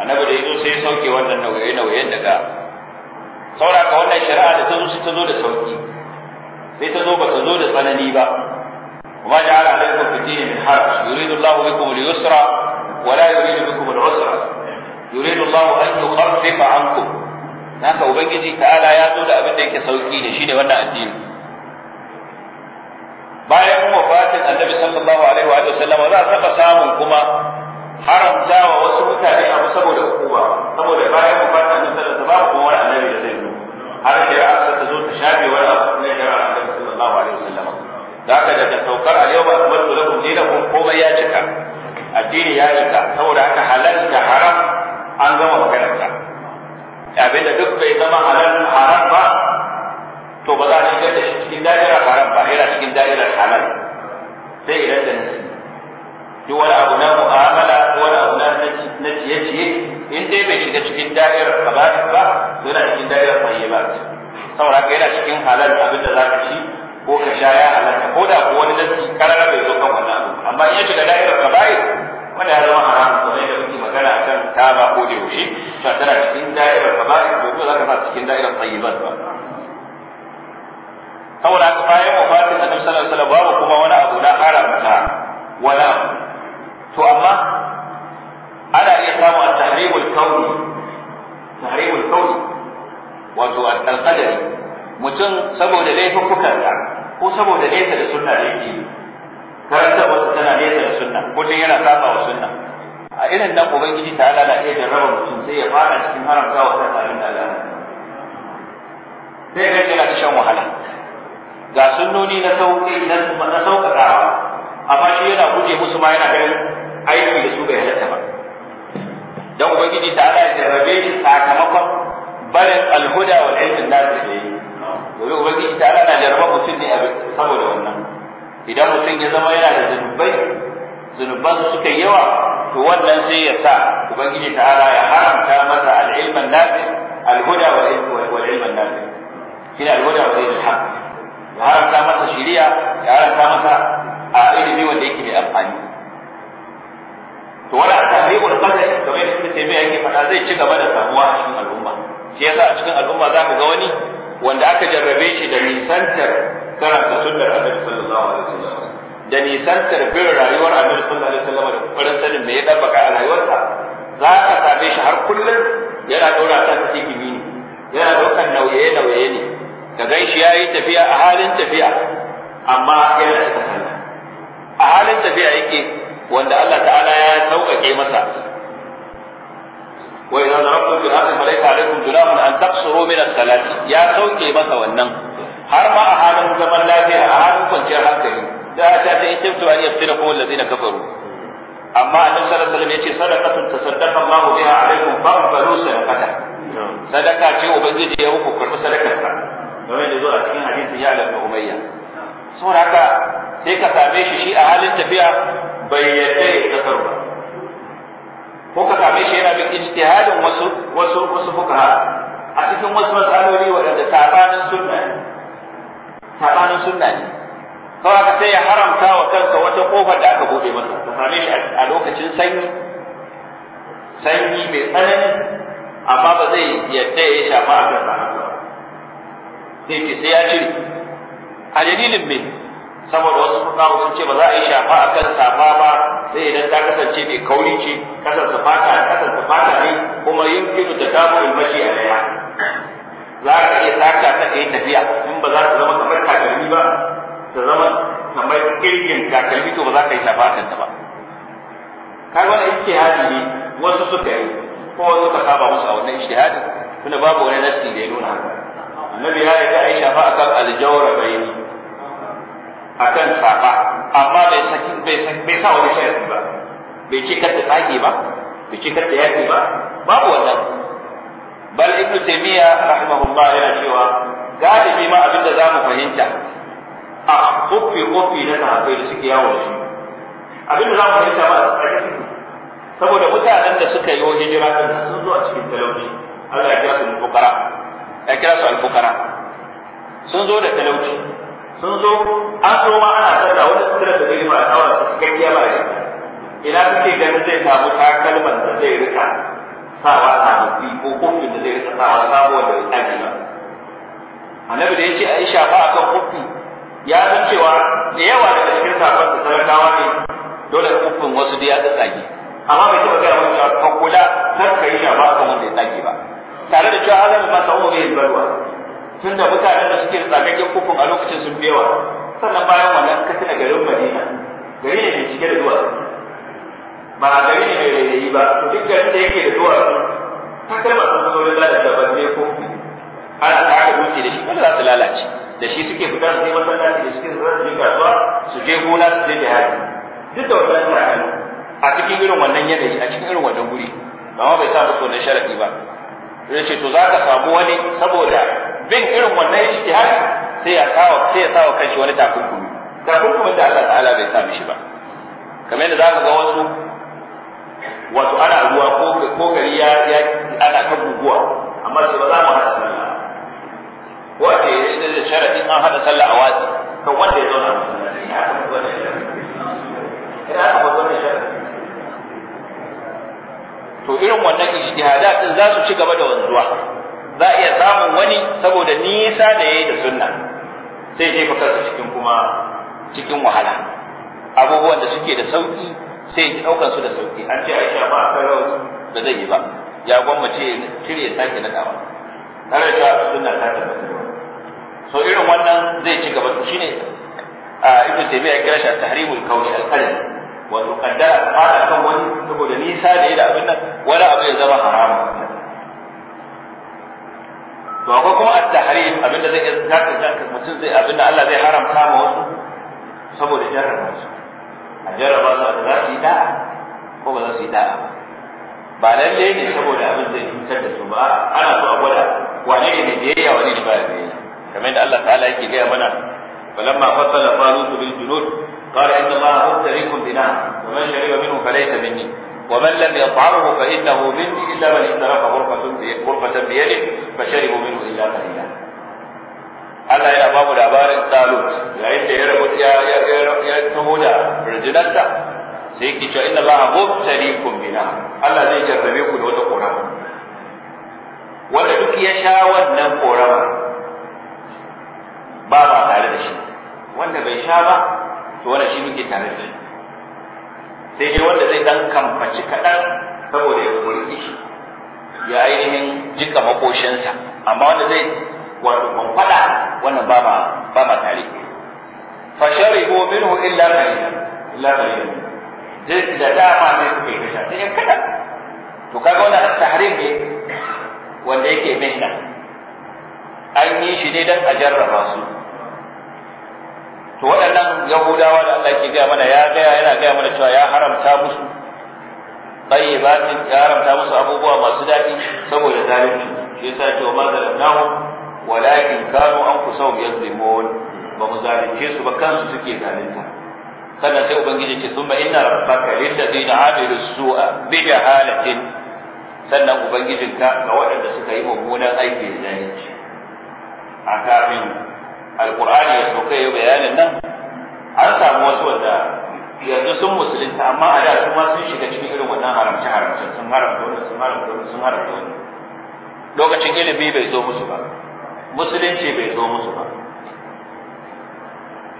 annabi da yazo sai ya sauke wannan nauyi nauyin daga ka wannan shari'a da ta zo ta zo da sauki sai ta zo ba ta zo da tsanani ba kuma وما جعل عليكم في الدين من حرج يريد الله بكم اليسر ولا يريد بكم العسر يريد الله ان يخفف عنكم naka ubangiji ta'ala ya zo da abin da yake sauki ne shine wannan addini bayan wafatin annabi sallallahu alaihi wa sallama za a taɓa samun kuma haramta wa wasu mutane abu saboda hukuma saboda bayan wafatin annabi sallallahu alaihi wa sallam kuma annabi da zai zo har a sa ta zo ta shafe wani abu na annabi sallallahu alaihi wa sallama da ka daga saukar a yau ba kuma su bar da kuma komai ya cika addini ya cika saboda haka halal da haram an gama makaranta abinda duk bai zama halal haram ba to ba za a shigar da shi cikin dajira cikin da'irar halal sai idan da nasi duk wani abu na mu'amala ko wani abu na ciye-ciye in dai bai shiga cikin da'irar kabari ba to yana cikin da'irar ba saboda haka yana cikin halal abin da za ka ci ko ka sha ya halarta ko da ko wani nasi karara bai zo kan wannan abu amma in ya shiga da'irar kabari wanda ya zama haram kamar da muke magana akan taba ko da yaushe to tana cikin da'irar kabari to za ka sa cikin da'irar fayyiba ba saboda haka bayan wafatin annabi sallallahu alaihi wasallam babu kuma wani abu na haramta mata abu to amma ana iya samun at-tahrimul kauni tahrimul kauni wato al-qadari mutum saboda laifukansa ko saboda nesa da sunna da yake karanta wasu tana nesa da sunna kullum yana saba wa sunna a irin nan ubangiji ta ala da iya jarraba mutum sai ya fara cikin haramta wa kansa tarin da Allah sai ga yana shan wahala ga sunnoni na sauƙi na sauƙaƙa amma shi yana guje musu ma yana ganin aiki da su bai halatta ba dan ubangiji ta ala ya jarrabe shi sakamakon barin alhuda laifin ilmin da da yi domin ubangiji ta ala na jarraba mutum ne a saboda wannan idan mutum ya zama yana da zunubai zunuban su suka yawa to wannan sai ya sa ubangiji ta ala ya haramta masa al'ilman ilmin nafi alhuda wa wal ilmin nafi shine ya haramta masa shiriya ya haramta masa a ilimi wanda yake mai amfani to wala tahriqul qadar kamar yadda sai mai yake faɗa zai ci gaba da samuwa a cikin al'umma shi yasa a cikin al'umma za ku ga wani wanda aka jarrabe shi da nisantar karanta sunnar Annabi sallallahu alaihi wasallam da nisantar bin rayuwar Annabi sallallahu alaihi wasallam da kuma sanin me ya dabbaka a rayuwarsa za ka same shi har kullum yana ɗora ta cikin gini yana ɗaukar nauye-nauye ne ka gan shi ya yi tafiya a halin tafiya amma yana da sallah a halin tafiya yake wanda Allah ta'ala ya sauƙaƙe masa wa idan rabbu bil hadhihi fa laysa alaykum junahun an taqsuru min as-salati ya sauke masa wannan har ma a halin zaman lafiya a halin kwanciyar hankali da ta ta intabtu an yaftinakum alladhina kafaru amma annabi sallallahu alaihi wasallam yace sadaqatun tasaddaqa Allahu biha alaykum fa'budu sadaqata sadaka ce ubangiji ya muku karbi sadakarsa kamar da zuwa cikin hadisin ya alaƙa umayya saboda haka sai ka same shi shi a halin tafiya bai yarda ya zakar ba ko ka same shi yana bin ijtihadin wasu wasu wasu fuqaha a cikin wasu masaloli waɗanda sabanin sunna ne sabanin sunna ne kawai aka sai ya haramta wa kansa wata kofar da aka buɗe masa ka same shi a lokacin sanyi sanyi mai tsanani amma ba zai yadda ya shafa a kansa zai ce sai ya cire a dalilin me saboda wasu fuqaha sun ce ba za a yi shafa akan safa ba sai idan ta kasance mai kauri ce kasance fata kasance fata ne kuma yin kidu da taburin mashi a daya za ka iya taka ta kai tafiya in ba za ta zama kamar takalmi ba ta zama kamar kirgin takalmi to ba za ka yi shafa a ta ba kai wani ijtihadi ne wasu suka yi ko suka kaba musu a wannan ijtihadin tunda babu wani nasi da ya nuna haka annabi ya riga ya shafa akan aljawra bai akan safa amma bai Amma bai sa wani shayar ba bai ce kar ta tsage ba bai ce kar ta yaki ba babu wannan bal ibnu taymiya rahimahullah yana cewa galibi ma abin da zamu fahimta a kofi kofi na sahabbai da suke yawo shi abin da zamu fahimta ba a saboda mutanen da suka yi hijira din sun zo a cikin talauci Allah ya kira su fuqara ya kira su alfukara sun zo da talauci sun zo an so ma ana sarra wani sutura da zai fara kawai su gaggiya ba ne ina kuke ganin zai samu takalman da zai rika sawa sababbi ko kofi da zai rika sawa sabuwa da ya ba annabi da ya ce aisha ba akan kofi ya san cewa da yawa daga cikin sabon da sarakawa ne dole kofin wasu da ya tsage amma bai taɓa gaya mun cewa ka kula kar ka yi shafa kan wanda ya tsage ba tare da cewa hada ma sa'u bai tun tunda mutanen da suke tsakakken kofin a lokacin sun biyawa sannan bayan wannan ka tuna garin Madina gari ne mai cike da duwatsu ba gari ne mai rairayi ba to duk garin da yake da duwatsu takalma sun zo da lalata ba ne ko ana ta aka dutse da shi kada za su lalace da shi suke fita su je masallaci da cikin zuwa su je kasuwa su je gona su je jihadi duk da wannan suna a cikin irin wannan yanayi a cikin irin wannan guri amma bai sa so wannan sharafi ba zai ce to za ka samu wani saboda bin irin wannan ijtihad sai ya sawa sai ya sawa kanshi wani takunkumi takunkumin da Allah ta'ala bai sa mishi ba kamar yadda za ka ga wasu wato ana ruwa ko gari ya ana ta guguwa amma sai ba za mu haɗa sallah wace da da sharadi an haɗa sallah a watsi kan wanda ya zauna musulmi ya haka wannan sharadi ina haka wannan sharadi to irin wannan ijtihadat din za su ci gaba da wanzuwa za a iya samun wani saboda nisa da yayi da sunna sai jefa kansa cikin kuma cikin wahala abubuwan da suke da sauki sai ya daukan su da sauki an ce aisha ba ta rawu ba zai yi ba ya gwammace cire sake nadawa har da sunna ta tabbata so irin wannan zai ci gaba shine a ibnu taymiya ya kira shi at-tahrimul qawli al-qalbi wato kaddara ta da kan wani saboda nisa da da abin nan wani abu ya zama haram to akwai kuma at-tahrim abinda zai iya zaka zaka mutum zai abinda Allah zai haramta ma wasu saboda jarraba su a jarraba su da za su yi da, ko ba za su yi da? ba lalle ne saboda abin zai cutar da su ba ana so a gwada wane ne da biyayya wane ne ba biyayya kamar yadda Allah ta'ala yake gaya mana falamma fassala farutu bil junud قال إن الله مبتليكم بنعم ومن شرب منه فليس مني ومن لم يطعمه فإنه مني إلا من استلف غرفة بيده فشربوا منه إلا قليلا Allah yana bamu labarin Talut yayin da ya rabu ya ya taho da rijinarsa sai yake cewa inna Allah mubtaliikum bina Allah zai jarrabe ku da wata korama wanda duk ya sha wannan ba ba tare da shi wanda bai sha ba to wannan shi muke tare da shi sai dai wanda zai dan kamfaci kaɗan saboda ya murƙi shi ya ainihin jika makoshinsa amma wanda zai wato kwamfada wannan ba ma ba ma tare fa sharibu minhu illa qalila illa qalila zai da dama ne suke kasha sai kaɗan to kaga wannan tahrim ne wanda yake minna an yi shi ne dan a jarraba su to waɗannan yahudawa da Allah ke gaya mana ya gaya yana gaya mana cewa ya haramta musu ya haramta musu abubuwa masu daɗi saboda zalunci shi yasa ce wa mazalamnahu walakin kanu anfusahum yazlimun ba mu zalunce su ba kansu suke zalunta sannan sai ubangiji ce thumma inna rabbaka lilladheena amilu su'a bi jahalatin sannan ubangijinka ga waɗanda suka yi mummunan aiki da zalunci a kafin alqur'ani ya sauka ya bayanin nan an samu wasu wanda yanzu sun musulunta amma a da su ma sun shiga cikin irin wannan haramci haramci sun haramta wannan sun haramta wannan sun haramta wannan lokacin ilimi bai zo musu ba musulunci bai zo musu ba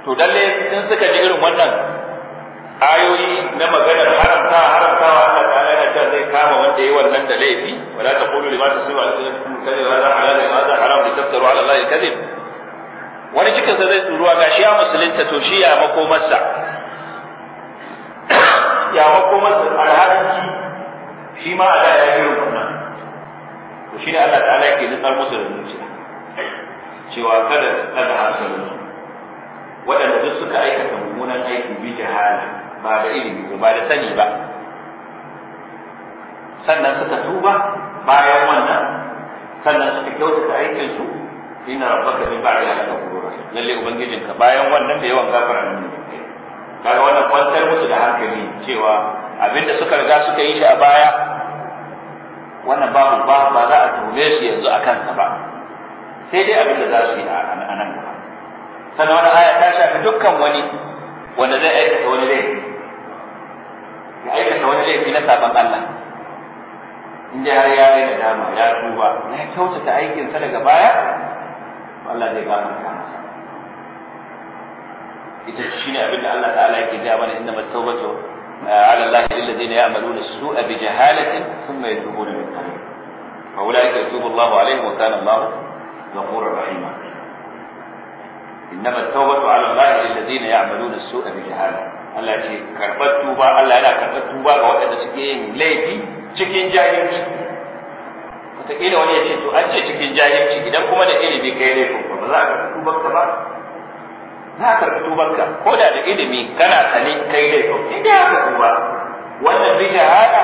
to lalle sun suka ji irin wannan ayoyi na maganar haramta haramtawa Allah ta ala ta zai kama wanda yayi wannan da laifi wala taqulu lima tasifu al-kadhib hadha halal wa hadha haram litaftaru ala allahi al-kadhib wani cikinsa zai tsuruwa shi ya musulunta to shi ya makomarsa ya makomarsa alhalanci shi ma a ya yi rukunan to shi ne Allah ta'ala yake nutsar musu da zuciya cewa kada kada hasaru waɗanda duk suka aikata mummunan aiki bi jahala ba da ilimi ba da sani ba sannan suka tuba bayan wannan sannan suka kyautata aikinsu ina baka ne ba ya ka kuro lalle ubangijin ka bayan wannan da yawan gafara ne kaga wannan kwantar musu da hankali cewa abinda suka riga suka yi shi a baya wannan babu ba ba za a tume su yanzu a kansa ba sai dai abinda za su yi a nan gaba sannan wani aya ta shafi dukkan wani wanda zai aikata wani laifi ya aikata wani laifi na sabon Allah in dai har ya yi dama ya tuba ya kyautata aikinsa daga baya Allah zai gafarta masa ita shine abin da Allah ta'ala yake gaya mana inna matawbatu eh, ala Allah lil ladina ya'maluna as-su'a bi jahalatin thumma yatubuna min qarib fa ulaika yatubu Allahu alaihim wa kana Allahu ghafurur rahima innama at-tawbatu ala Allah lil ladina ya'maluna as-su'a bi jahalatin Allah ce karɓar tuba Allah yana karɓar tuba ga waɗanda suke yin laifi cikin jahilci ta kila wani ya ce to an ce cikin jahilci idan kuma da ilimi kai ne to ba za ka tubar ka ba za ka tubar ka ko da da ilimi kana sani kai ne to idan ka tuba wannan bi shahada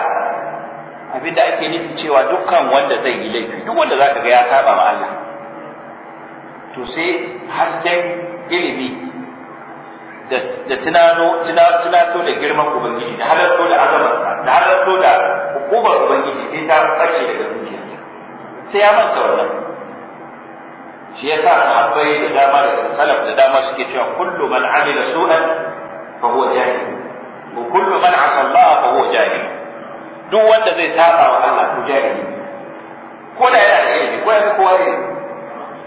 abin da ake nufi cewa dukkan wanda zai yi laifi duk wanda za ka ga ya saba ma Allah to sai hasken ilimi da tunano tunato da girman ubangiji da halarto da azamarsa da halarto da hukumar ubangiji sai ta fashe daga zuciyarsa sai ya manta wannan shi yasa sahabbai da dama da salaf da dama suke cewa kullu man amila su'an fa huwa jahil wa kullu man asa Allah fa huwa jahil duk wanda zai saba wa Allah to jahili ko da yana da ilimi ko yana kowa ne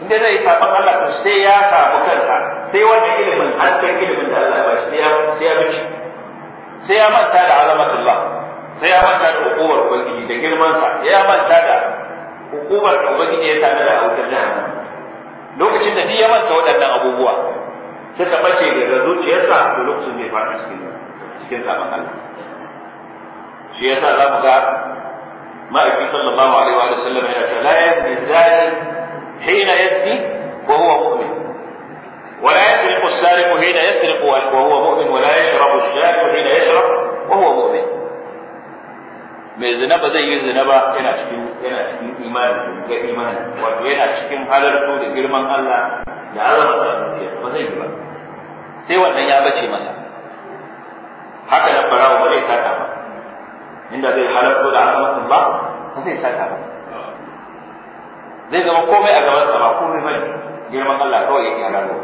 inda zai saba Allah to sai ya samu kansa sai wannan ilimin har sai ilimin da Allah ba shi sai ya bici sai ya manta da azamatullah sai ya manta da ukuwar ubangiji da girman sa ya manta da hukumar da ubangiji ya tare da autar jahannam lokacin da ya manta waɗannan abubuwa sai ta bace daga zuciyarsa da lokacin zai fara cikin cikin sabon Allah shi yasa za mu ga ma'aikin sallallahu alaihi wa sallam ya ce la yazni zani hina yazni wa huwa mu'min ولا يسرق السارق حين يسرق وهو مؤمن ولا يشرب الشارب حين يشرب وهو مؤمن mai zina ba zai yi zina ba yana cikin yana cikin imani ga imani wato yana cikin halartu da girman Allah da azama sa ba zai yi ba sai wannan ya bace masa haka da farawa ba zai saka ba inda zai halartu da azamatun ba ba zai saka ba zai zama komai a gabansa ba komai ba girman Allah kawai yake halarto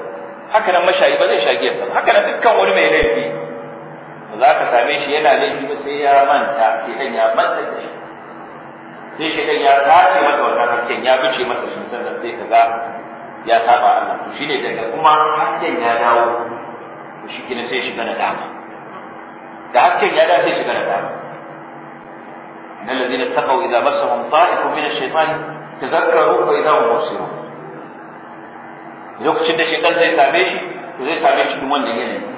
haka nan mashayi ba zai shagiyar ba haka nan dukkan wani mai laifi za ka same shi yana laifi ba sai ya manta sai ya manta da shi sai shi kan ya tace masa wata hakken ya bice masa shi sannan sai ka ga ya saba Allah to shine daga kuma hakken ya dawo to shi kina sai shi na dama da hakken ya dawo sai shiga na dama إن الذين اتقوا إذا مسهم طائف من الشيطان تذكروا فإذا هم مبصرون lokacin da shi kan zai same shi to zai same shi duk wannan yanayi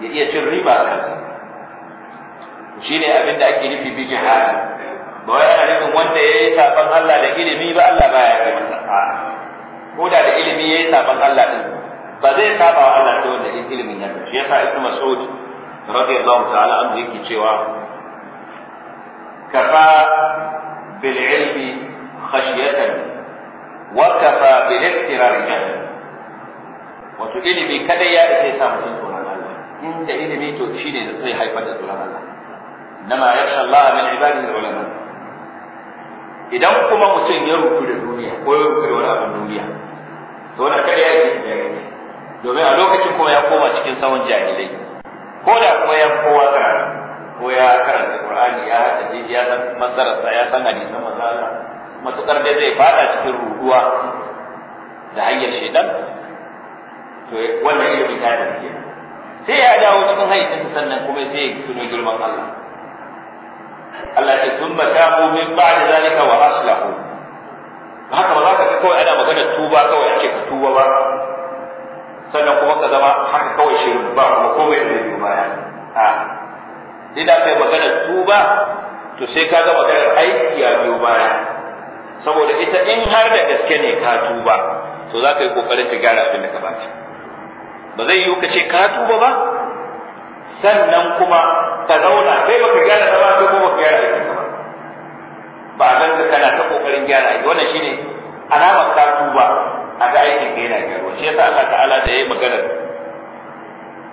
ya iya cin riba a shi ne abin da ake nufi bi jihadi ba wai ana nufin wanda ya yi saban Allah da ilimi ba Allah ba ya yi masa a ko da da ilimi ya yi saban Allah din ba zai saba wa Allah ta wanda ilimin ya shi yasa Ibn Mas'ud radiyallahu ta'ala anhu yake cewa kafa bil ilmi khashyatan wa kafa bil iktirar wato ilimi kada ya ake sa mutum inda ilimi to shine zai haifar da tsoron Allah nama yakhsha Allah ibadin da ulama idan kuma mutum ya ruku da duniya ko ya ruku da wani abin duniya to wannan kare ya yi domin a lokacin kuma ya koma cikin tsawon jahilai ko da kuma ya kowa karatu ko ya karanta Qur'ani ya hada ya san mazarasa ya san hadisan manzo Allah matukar da zai fada cikin ruɗuwa da hanyar shaidan to wannan ilimin ta da kenan sai ya dawo cikin hayyacin sannan kuma sai ya tuno girman Allah Allah ya sun ba ta tabu min da zalika wa aslahu haka ba za ka kawai ana magana tuba kawai ake ka tuba ba sannan kuma ka zama haka kawai shirin ba kuma komai da zai baya a idan kai magana tuba to sai ka zama da aiki ya biyo baya saboda ita in har da gaske ne ka tuba to za ka yi kokarin ka gyara abin da ka bata ba zai yiwu ka ka tuba ba sannan kuma ka zauna kai baka gyara ba ko kuma baka gyara ba ba a ganka kana ta kokarin gyara aiki wannan shine alama ka tuba a ga aikin ka yana gyaro shi yasa Allah ta'ala da yayi magana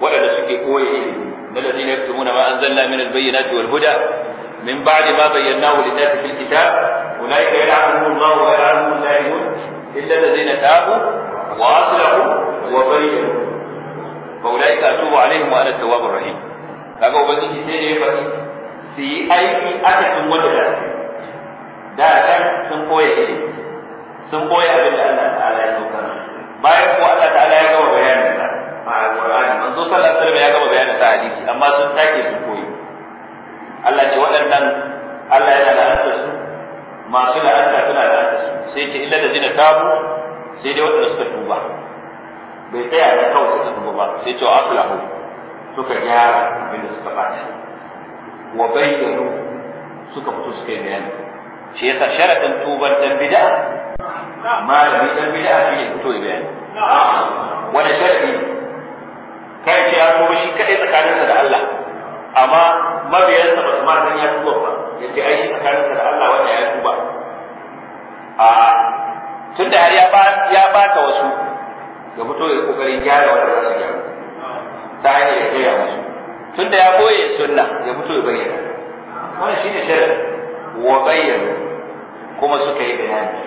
waɗanda suke koyi ilimi na ladina yaktumuna ma anzalna min al wal huda min ba'di ma bayyanahu من بعد ما بيناه للناس في الكتاب اولئك يلعنهم الله illa اللائمون الا wa aslahu wa وبينوا fa ulaika wa alaihim wa ana tawwabur rahim kaga ubangiji sai da ya faɗi su yi aiki akasin wanda da da kan sun koya ilimi sun koya abin da Allah ta'ala ya saukar bayan ko Allah ta'ala ya gama bayanin sa a alqur'ani manzo sallallahu alaihi wasallam ya gama bayanin sa hadisi amma sun take su koyi Allah ce wadannan Allah yana da su masu la'anta suna da. su sai ce illa da jina tabu sai dai waɗanda suka tuba bai tsaya da kawai suka tuba ba sai cewa aslahu suka gyara abin da suka bata wa bayyana suka fito suka yi bayani shi yasa sharadin tubar dan bid'a malami dan bid'a shi ne fito ya bayani wani sharadi kai ce ya tuba shi kadai tsakaninsa da Allah amma mabiyansa ba su ma san ya tuba ba yace ai shi tsakaninsa da Allah wanda ya tuba a tunda har ya ba ta wasu ya fito ya kokarin gyara wanda za su gyara ta hanyar ya gaya musu tun da ya boye sunna ya fito ya bayyana wannan shine shirin wa bayyana kuma suka yi bayani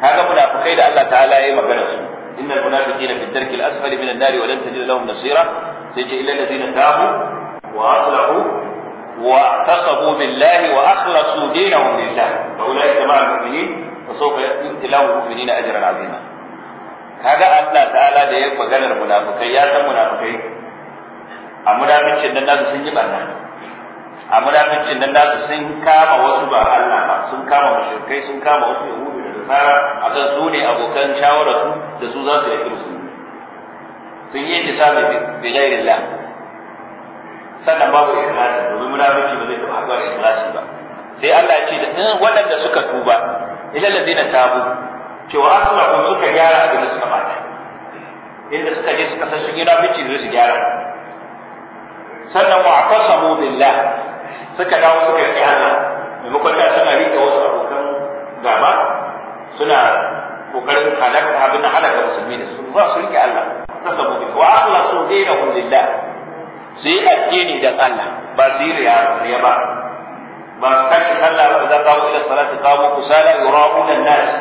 kaga munafikai da Allah ta'ala ya yi magana su innal munafiqina fi darkil asfali minan nari wa lan tajid lahum nasira sai ce illal ladina tabu wa aslahu واعتصموا بالله واخلصوا دينهم لله فاولئك مع المؤمنين وسوف يؤتي الله المؤمنين اجرا عظيما kaga Allah ta'ala da ya maganar munafikai ya san munafikai a munafincin nan nasu sun yi barna a munafincin nan nasu sun kama wasu ba Allah ba sun kama mushrikai sun kama wasu yahudu da nasara akan su ne abokan shawarar su da su za su yi kirsu sun yi intisabi bi ghairillah sannan babu ikhlasi domin munafiki ba zai taba haɗuwa da ikhlasi ba sai Allah ya ce da eh, waɗanda suka tuba ilal ladina tabu cewa su kun suka gyara abin da suka bata inda suka je suka san sun yi rafici zai su gyara sannan wa qasamu billah suka dawo suka yi Allah maimakon da suna rike wasu abokan gaba suna kokarin halaka abin da halaka musulmi da su ba su rike Allah qasamu billah wa akhlasu dinahum lillah su yi addini dan Allah ba su yi riya ba ba kashi sallah ba za ka wuce salati qamu kusala yura'una an-nas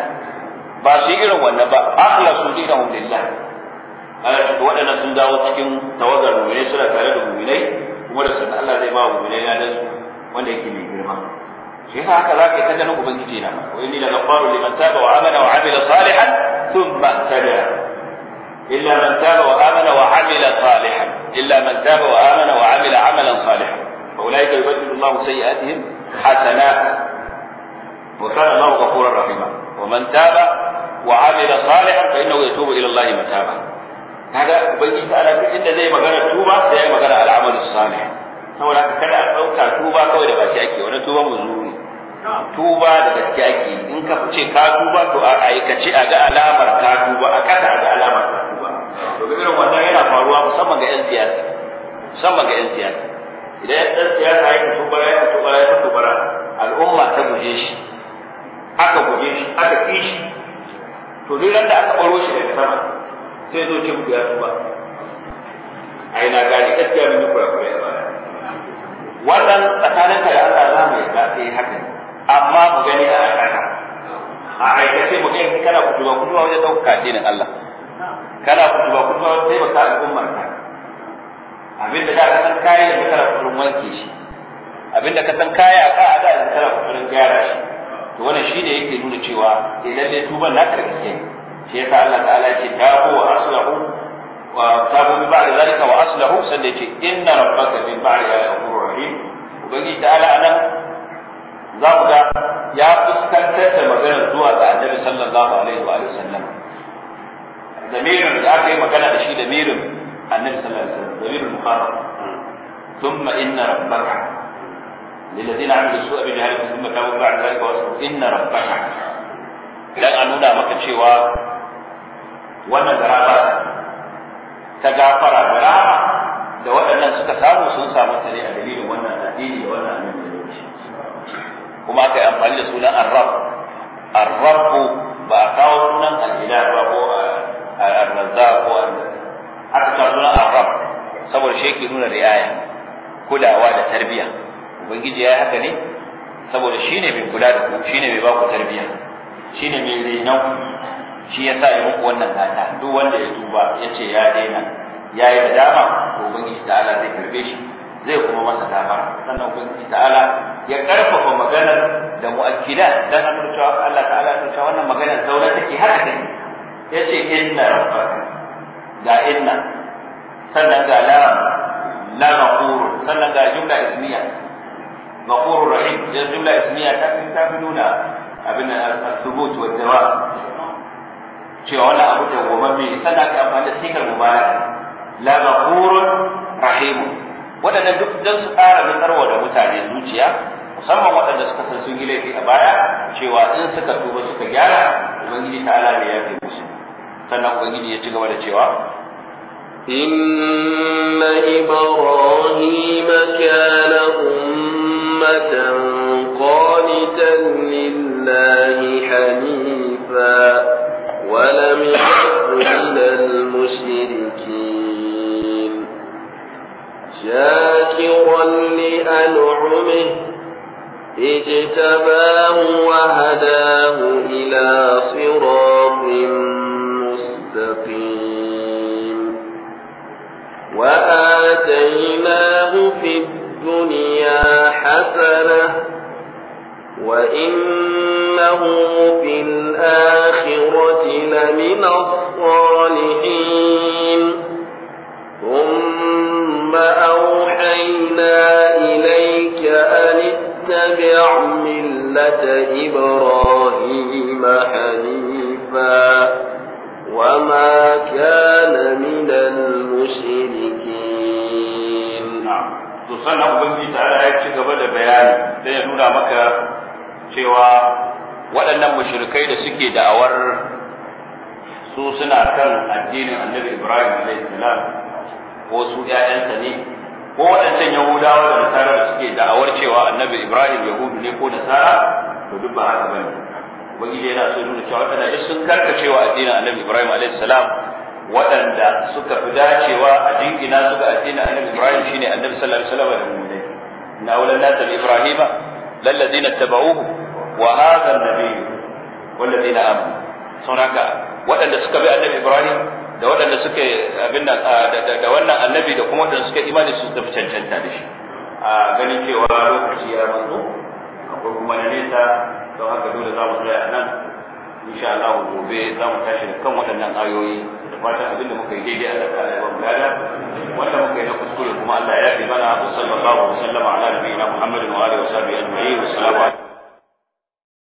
ba su yi irin wannan ba akhlasu dinahum lillah Allah waɗannan sun dawo cikin tawagar mu'minai suna tare da mu'minai kuma da sunan Allah zai ba wa mu'minai dan wanda yake mai girma shi yasa haka zaka yi ta ganin ubangiji na wa inni la ghafaru liman taba wa amana wa amila salihan thumma tada illa man taba wa amana wa amila salihan illa man taba wa amana wa amila amalan salihan fa ulai ka yubaddilu Allahu sayi'atihim hasanat وكان الله غفورا رحيما ومن تاب وعمل صالحا فانه يتوب الى الله متابا kaga ubangiji ta alaƙa inda zai magana tuba sai ya magana al'amalu salih saboda haka kada a ɗauka tuba kawai da baki ake wani tuba muzuri tuba da gaske ake in ka fice ka tuba to a aikace a ga alamar ka tuba a kada a ga alamar ka tuba to ga irin wannan yana faruwa musamman ga 'yan siyasa musamman ga 'yan siyasa idan 'yan siyasa ya ka tubara ya ka tubara ya ka tubara al'umma ta guje shi aka guje shi aka fi shi to duk da aka baro shi daga sama sai zo ce muku ya tuba ai na gane gaskiya mun yi kurakurai a baya wannan tsakanin ka da Allah za mu yarda sai haka amma mu gani a haka. a aikace mu gani kana kutuba kutuba wajen ce addinin Allah kana kutuba kutuba wajen taimaka al'ummar ka Abin da ka san kayan da kana kuturin wanke shi Abin da ka san kaya ka a da kana kuturin gyara shi to wannan ne yake nuna cewa eh lalle tuban na karkace shi yasa Allah ta'ala ce ta tabu wa aslahu wa tabu bi ba'da zalika wa aslahu sannan ce inna rabbaka min ba'da ghafurur rahim ubangiji ta'ala anan za ku ga ya fuskantar da maganar zuwa ga annabi sallallahu alaihi wa sallam damirin da aka yi magana da shi damirin annabi sallallahu alaihi wa sallam damirin mukhafaf hmm. thumma inna rabbaka للذين عملوا السوء بجهالة ثم تابوا بعد ذلك إن ربك dan a nuna maka cewa wannan garaba ta gafara garaba da waɗannan suka samu sun samu a dalilin wannan wannan kuma aka yi amfani da sunan arrab arrab ba a kawo sunan al'ila ba ko arrazza ko aka kawo sunan arrab saboda shi yake nuna riaya kulawa da tarbiyya ubangiji ya haka ne saboda shi ne mai kula da ku Shi ne mai ba ku tarbiyya ne mai renon shi ya sa ya muku wannan nata duk wanda ya duba ya ce ya daina ya yi nadama to ubangiji ta'ala zai karbe shi zai kuma masa dama sannan ubangiji ta'ala ya karfafa maganar da mu'akkida dan an Allah ta'ala ya cewa wannan maganar sauran take haka ne ce inna rabbaka ga inna sannan ga la la sannan ga jumla ismiya غفور رحيم هي جملة اسمية تكفي nuna abin al-thubut wa jawab cewa wannan abu da goma me sana ka amfani da sikar mubarak la ghafurun rahim wadannan duk dan su ƙara nutsarwa da mutane zuciya musamman waɗanda suka san sun yi laifi a baya cewa in suka tuba suka gyara ubangiji ta'ala ne ya fi musu sannan ubangiji ya ci gaba da cewa إن إبراهيم كان أمة أمة قانتا لله حنيفا shine za mu tashi da kan waɗannan ayoyi da fatan abin da muka yi daidai Allah ta'ala ya ba lada wanda muka yi na kuskure kuma Allah ya yafe mana wa sallallahu wa sallama ala nabiyina Muhammadin wa alihi wa sahbihi ajma'in wa salamu